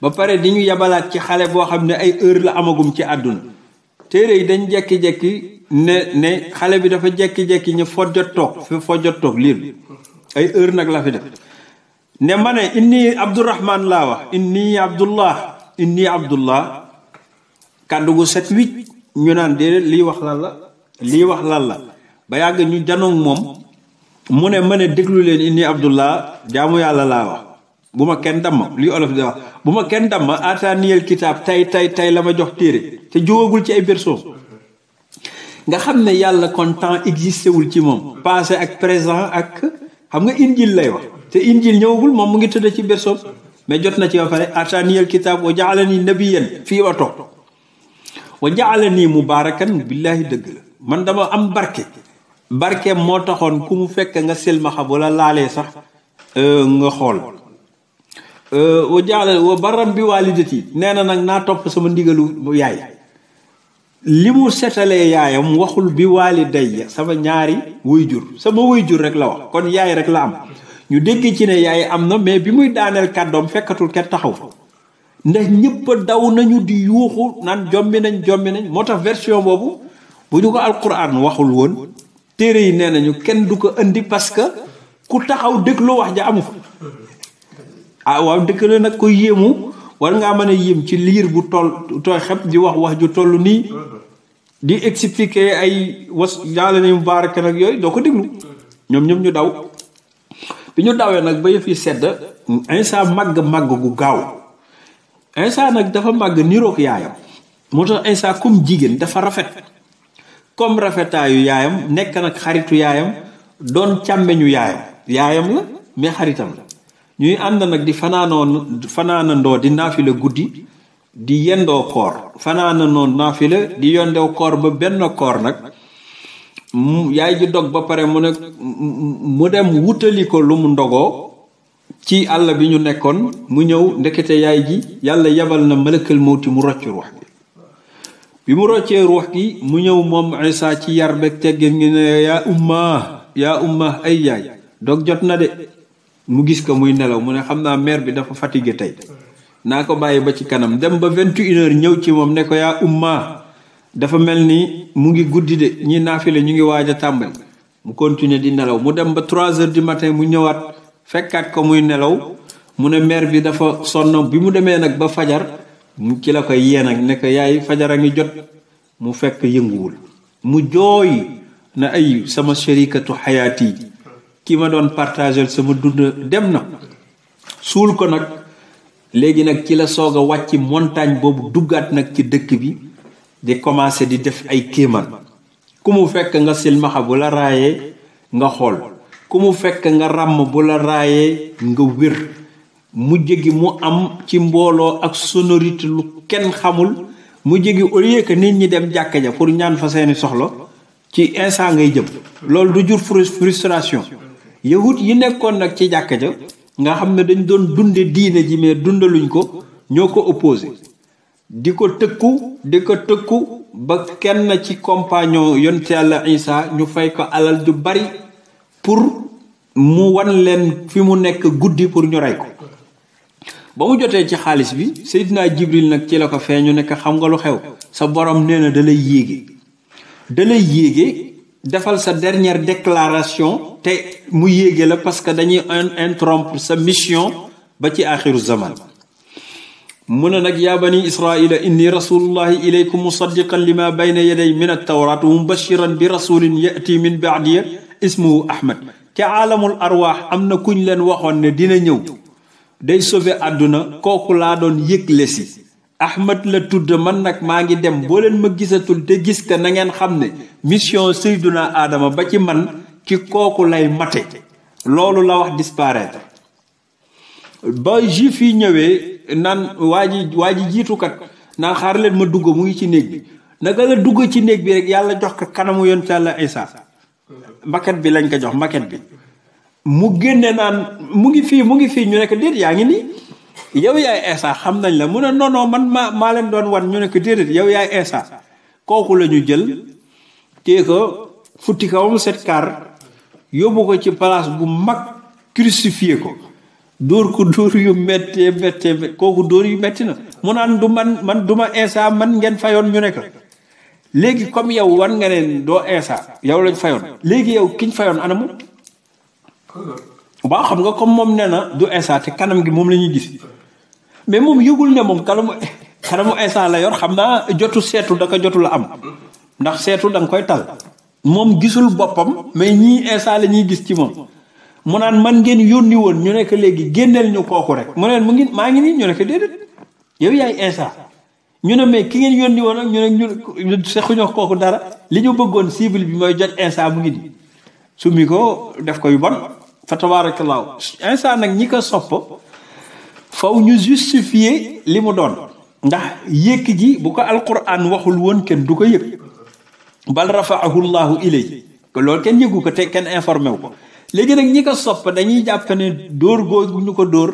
ba pare di ñu yebalaat ci xale boo xam ne ay heure la amagum ci àdduna téere yi dañ jekki-jekki ne ne xale bi dafa jekki-jekki ñu fojjat toog fi fojjat toog liir ay heure nag la fi def ne ma ne inni abdourahman laa wax inni abdullah inni abdullah kàddu gu set wicc ñu naan déedéet lii wax lan la lii wax lan la ba yàgg ñu janoog moom mu ne ma ne déglu leen inni abdullah jaamu yàlla laa wax bu ma kenn damm lii olof de wax bu ma kenn damm ataaniyal kitaab tay tay tay la ma jox téere te jógagul ci ay berceau nga xam ne yàlla kon temps existé ci moom passé ak présent ak xam nga injil lay wax te injil ñëwagul moom mu ngi tëdd ci berson mais jot na ci ba pare ataniyal kitaab wa jaalani nabiyan fii wa toog wa jaalani mubaarakan billaahi dëgg la man dama am barke barke moo taxoon ku mu fekk nga silmaxa wala laale sax euh, nga xool euh, wa jaala wa baram bi walidati nee na nag naa topp sama ndigalu yaay li mu setalee yaayam waxul bi waali day sama ñaari wuy jur sama wuy jur rek la wax kon yaay rek la am ñu dégg ci ne yaay am na mais bi muy daaneel kàddoom fekkatul kenn taxaw ndax ñëpp daw nañu di yuuxu naan jombi nañ jombi nañ moo tax version boobu bu ñu ko alquran waxul woon téere yi nee nañu kenn du ko indi parce que ku taxaw déglu wax ja amu fa ah waaw dëkk la nag ko yéemu war ngaa mën a yéem ci liir bu toll tooy xeb di wax wax ju toll nii di expliquer ay was jaale ni mubarak nag yooyu doo ko déglu ñoom ñoom ñu daw bi ñu dawee nag ba yëf yi sedd Insa màgg màgg gu gaaw Insa nag dafa màgg niroog yaayam moo tax Insa comme jigéen dafa rafet comme rafetaayu yaayam nekk nag xaritu yaayam doon càmmeñu yaayam yaayam la mais xaritam la ñuy ànd nag di fanaanoon fanaanandoo di naafila guddi di yendoo koor noon naafila di yendoo koor ba benn koor nag mu yaay ji dog ba pare mu ne mu dem wutali ko lu mu ndogoo ci àll bi ñu nekkoon mu ñëw ndekete yaay ji yàlla yebal na malakal mawti mu rocc ruux bi bi mu roccee ruux gi mu ñëw moom Isa ci yar beeg teggin ngi ne yaa umma yaa umma ay yaay dog jot na de mu gis ko muy nelaw mu ne xam naa mère bi dafa fatigué tey naa ko bàyyi ba ci kanam dem ba vingt et ñëw ci moom ne ko yaa umma dafa mel ni mu ngi guddi de ñi naafile ñu ngi waaj a tàmbali mu continuer di nelaw mu dem ba trois heures du matin mu ñëwaat fekkaat ko muy nelaw mu ne mère bi dafa sonn bi mu demee nag ba fajar mu ci la ko yee ak nekk yaay fajar a ngi jot mu fekk yënguwul mu jooy na ay sama sharikatu xayaat yi ki ma doon partagel sama dund dem na suul ko nag léegi nag ci la soog a wàcc montagne boobu duggaat nag ci dëkk bi di commencé di def ay kéemaan ku mu fekk nga silmaxa bu la raayee nga xool ku mu fekk nga ràmm bu la raayee nga wér mu gi mu am ci mbooloo ak sonorité lu kenn xamul mu gi au lieu que nit ñi dem jàkka ja pour ñaan fa seeni soxla ci instant ngay jëm loolu du jur frustration yahut yi nekkoon nag ci jàkka ja nga xam ne dañ doon dunde diine ji mais dundaluñ ko ñoo ko opposé di ko tëkku di ko tëkku ba kenn ci compagnon yonte yàlla Isa ñu fay ko alal ju bari pour mu wan leen fi mu nekk guddi pour ñu rey ko ba mu jotee ci xaalis bi naa Jibril nag ci la ko feeñu nekk xam nga lu xew sa borom nee na da lay yéege da yéege defal sa dernière déclaration te mu yéege la parce que dañuy un interrompre sa mission ba ci axiru zaman mu ne nag yaa bani israila inni rasulullahi ilaykum musaddiqan lima bayna yaday min altawrat wa mubashiran bi rasulin yati min baadiya ismuhu ahmad te aalamul arwaax am na ku kuñ leen waxoon ne dina ñëw day sauver àdduna kooku laa doon yëgle si ahmad la tudd man nag maa ngi dem boo leen ma gisatul te gis ka na ngeen xam ne mission seyduna aadama ba ci man ki kooku lay mate loolu la wax disparaître ba juif yi ñëwee naan waa ji waa ji jiitukat naan xaar leen ma dugg mu ngi ci néeg bi naka la dugg ci néeg bi rek yàlla jox ko kanamu yoon ci yàlla makket bi lañ ko jox maquette bi mu génne naan mu ngi fii mu ngi fii ñu nekk déet yaa ngi nii yow yaay Isa xam nañ la mu ne non man maa maa leen doon wan ñu nekk déedéet yow yaay Isa kooku la ñu jël téye ko futti kawam set kaar yóbbu ko ci place bu mag crucifié ko dóor ku dóor yu méttee méttee kooku dóor yu métti na mu naan du man man du ma insa man ngeen fayoon ñu ne ko léegi comme yow wan nga ne doo insa yow lañ fayoon léegi yow kiñ fayoon anamu waaw xam nga comme moom nee na du insa te kanam gi moom la ñuy gis mais moom yëgul ne moom kanamu kanamu insa la yor xam naa jotu seetu da ko jotu la am ndax seetu da nga koy tal moom gisul boppam mais ñii insa la ñuy gis ci moom mun naan man ngeen yónni woon ñu nekk léegi génneel ñu kooku rek mu neen mu ngi maa ngi nii ñu nekk déedéet yow yaay Insa ñu ne mais ki ngeen yónni woon ak ñu ne ñu sexuñoo kooku dara li ñu bëggoon cible bi mooy jot Insa mu ngi nii su mi ko def ko yu bon fa tabaarakallaahu Insa nag ñi ko sopp faw ñu justifier li mu doon ndax yëkk ji bu ko alquran waxul woon kenn du ko yëg bal rafaahu llahu ilay loolu kenn yëgu ko te kenn informé wu ko léegi nag ñi ko sopp dañuy jàpp ne dóor googu ñu ko dóor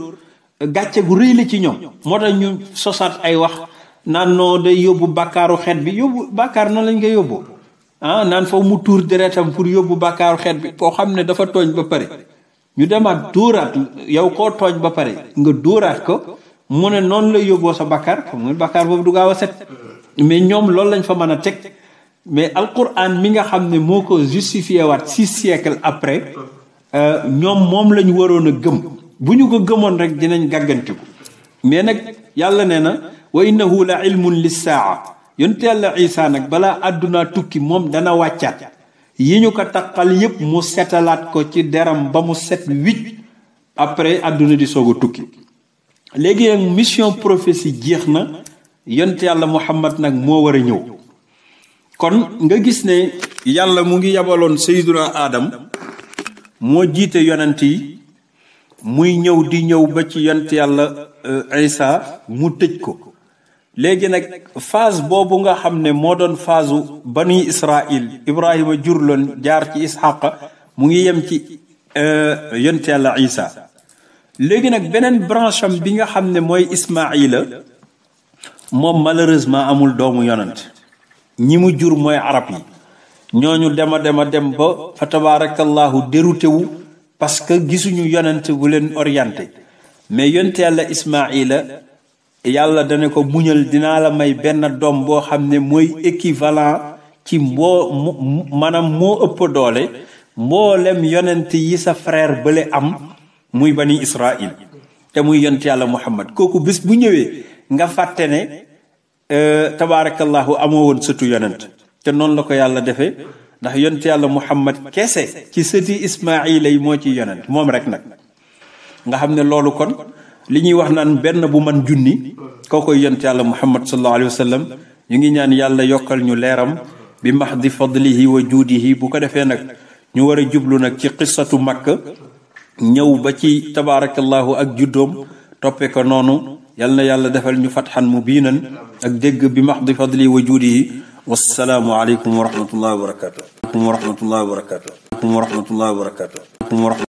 gàcce gu rëy la ci ñoom moo tax ñu sosaat ay wax naan noo day yóbbu bàkkaaru xeet bi yóbbu bàkkaar noonu lañ koy yóbbu ah naan foofu mu tuur deretam pour yóbbu bàkkaaru xeet bi koo xam ne dafa tooñ ba pare ñu demaat dóoraat yow koo ba pare nga dóoraat ko mu ne noonu lay yóbboo sa bàkkaar xam nga boobu du a set mais ñoom loolu lañ fa mën a teg mais alquran mi nga xam ne moo ko justifié waat six siècles après Euh, ñoom moom lañu waroon a gëm bu ñu ko gëmoon rek dinañ gàggantiku mais nag yàlla nee na wa innahu la ilmun lissaa yonte yàlla isaa nag balaa àdduna tukki moom dana wàccaat yi ñu ko taqal yépp mu setalaat ko ci deram ba mu set wicc après àdduna di soog a tukki léegi nag mission prophétie jeex na yonte yàlla muhammad nag moo war a ñëw mu ngi yabaloon sayyiduna aadam moo jiite yonant yi muy ñëw di ñëw ba ci yonent yàlla euh, Isa mu tëj ko léegi nag phase boobu nga xam ne moo doon phase bani Israil Ibrahima jurloon jaar ci Ishaq mu ngi yem ci euh, yonent yàlla Isa léegi nag beneen branche bi nga xam ne mooy Ismaila moom malheureusement amul doomu yonent ñi mu jur mooy arab yi ñooñu dem a dem a dem ba fa tabarakallahu dérouté wu parce que gisuñu yonent bu leen orienté mais yonent yàlla Ismaïla yàlla dana ko muñal dinaa la may benn doom boo xam ne mooy équivalent ci mboo maanaam moo ëpp doole mboolem yonent yi sa frère bële am muy bani Israël te muy yonent yàlla Muhammad kooku bis bu ñëwee nga fàtte ne euh, tabaarakallahu amoo woon sëtu yonent te noonu la ko yàlla defee ndax yonent yàlla muhammad kese ci sëti ismaila yi moo ci yonent moom rek nag nga xam ne loolu kon li ñuy wax naan benn bu man junni koo koy yonent yàlla muhammad sallallahu alayhi wa sallam ñu ngi ñaan yàlla yokkal ñu leeram bi mahdi fadlihi wa juudihi bu ko defee nag ñu war a jublu nag ci qissatu makka ñëw ba ci tabaarakallahu ak juddoom toppe ko noonu yal na yàlla defal ñu fatxan mubiinan ak dégg bi mahdi fadlihi wa juudihi wassalaamu aleykum wa rahmatullahi wa barakatuh wa rahmatullahi wa barakatuh wa rahmatullahi wa barakatuh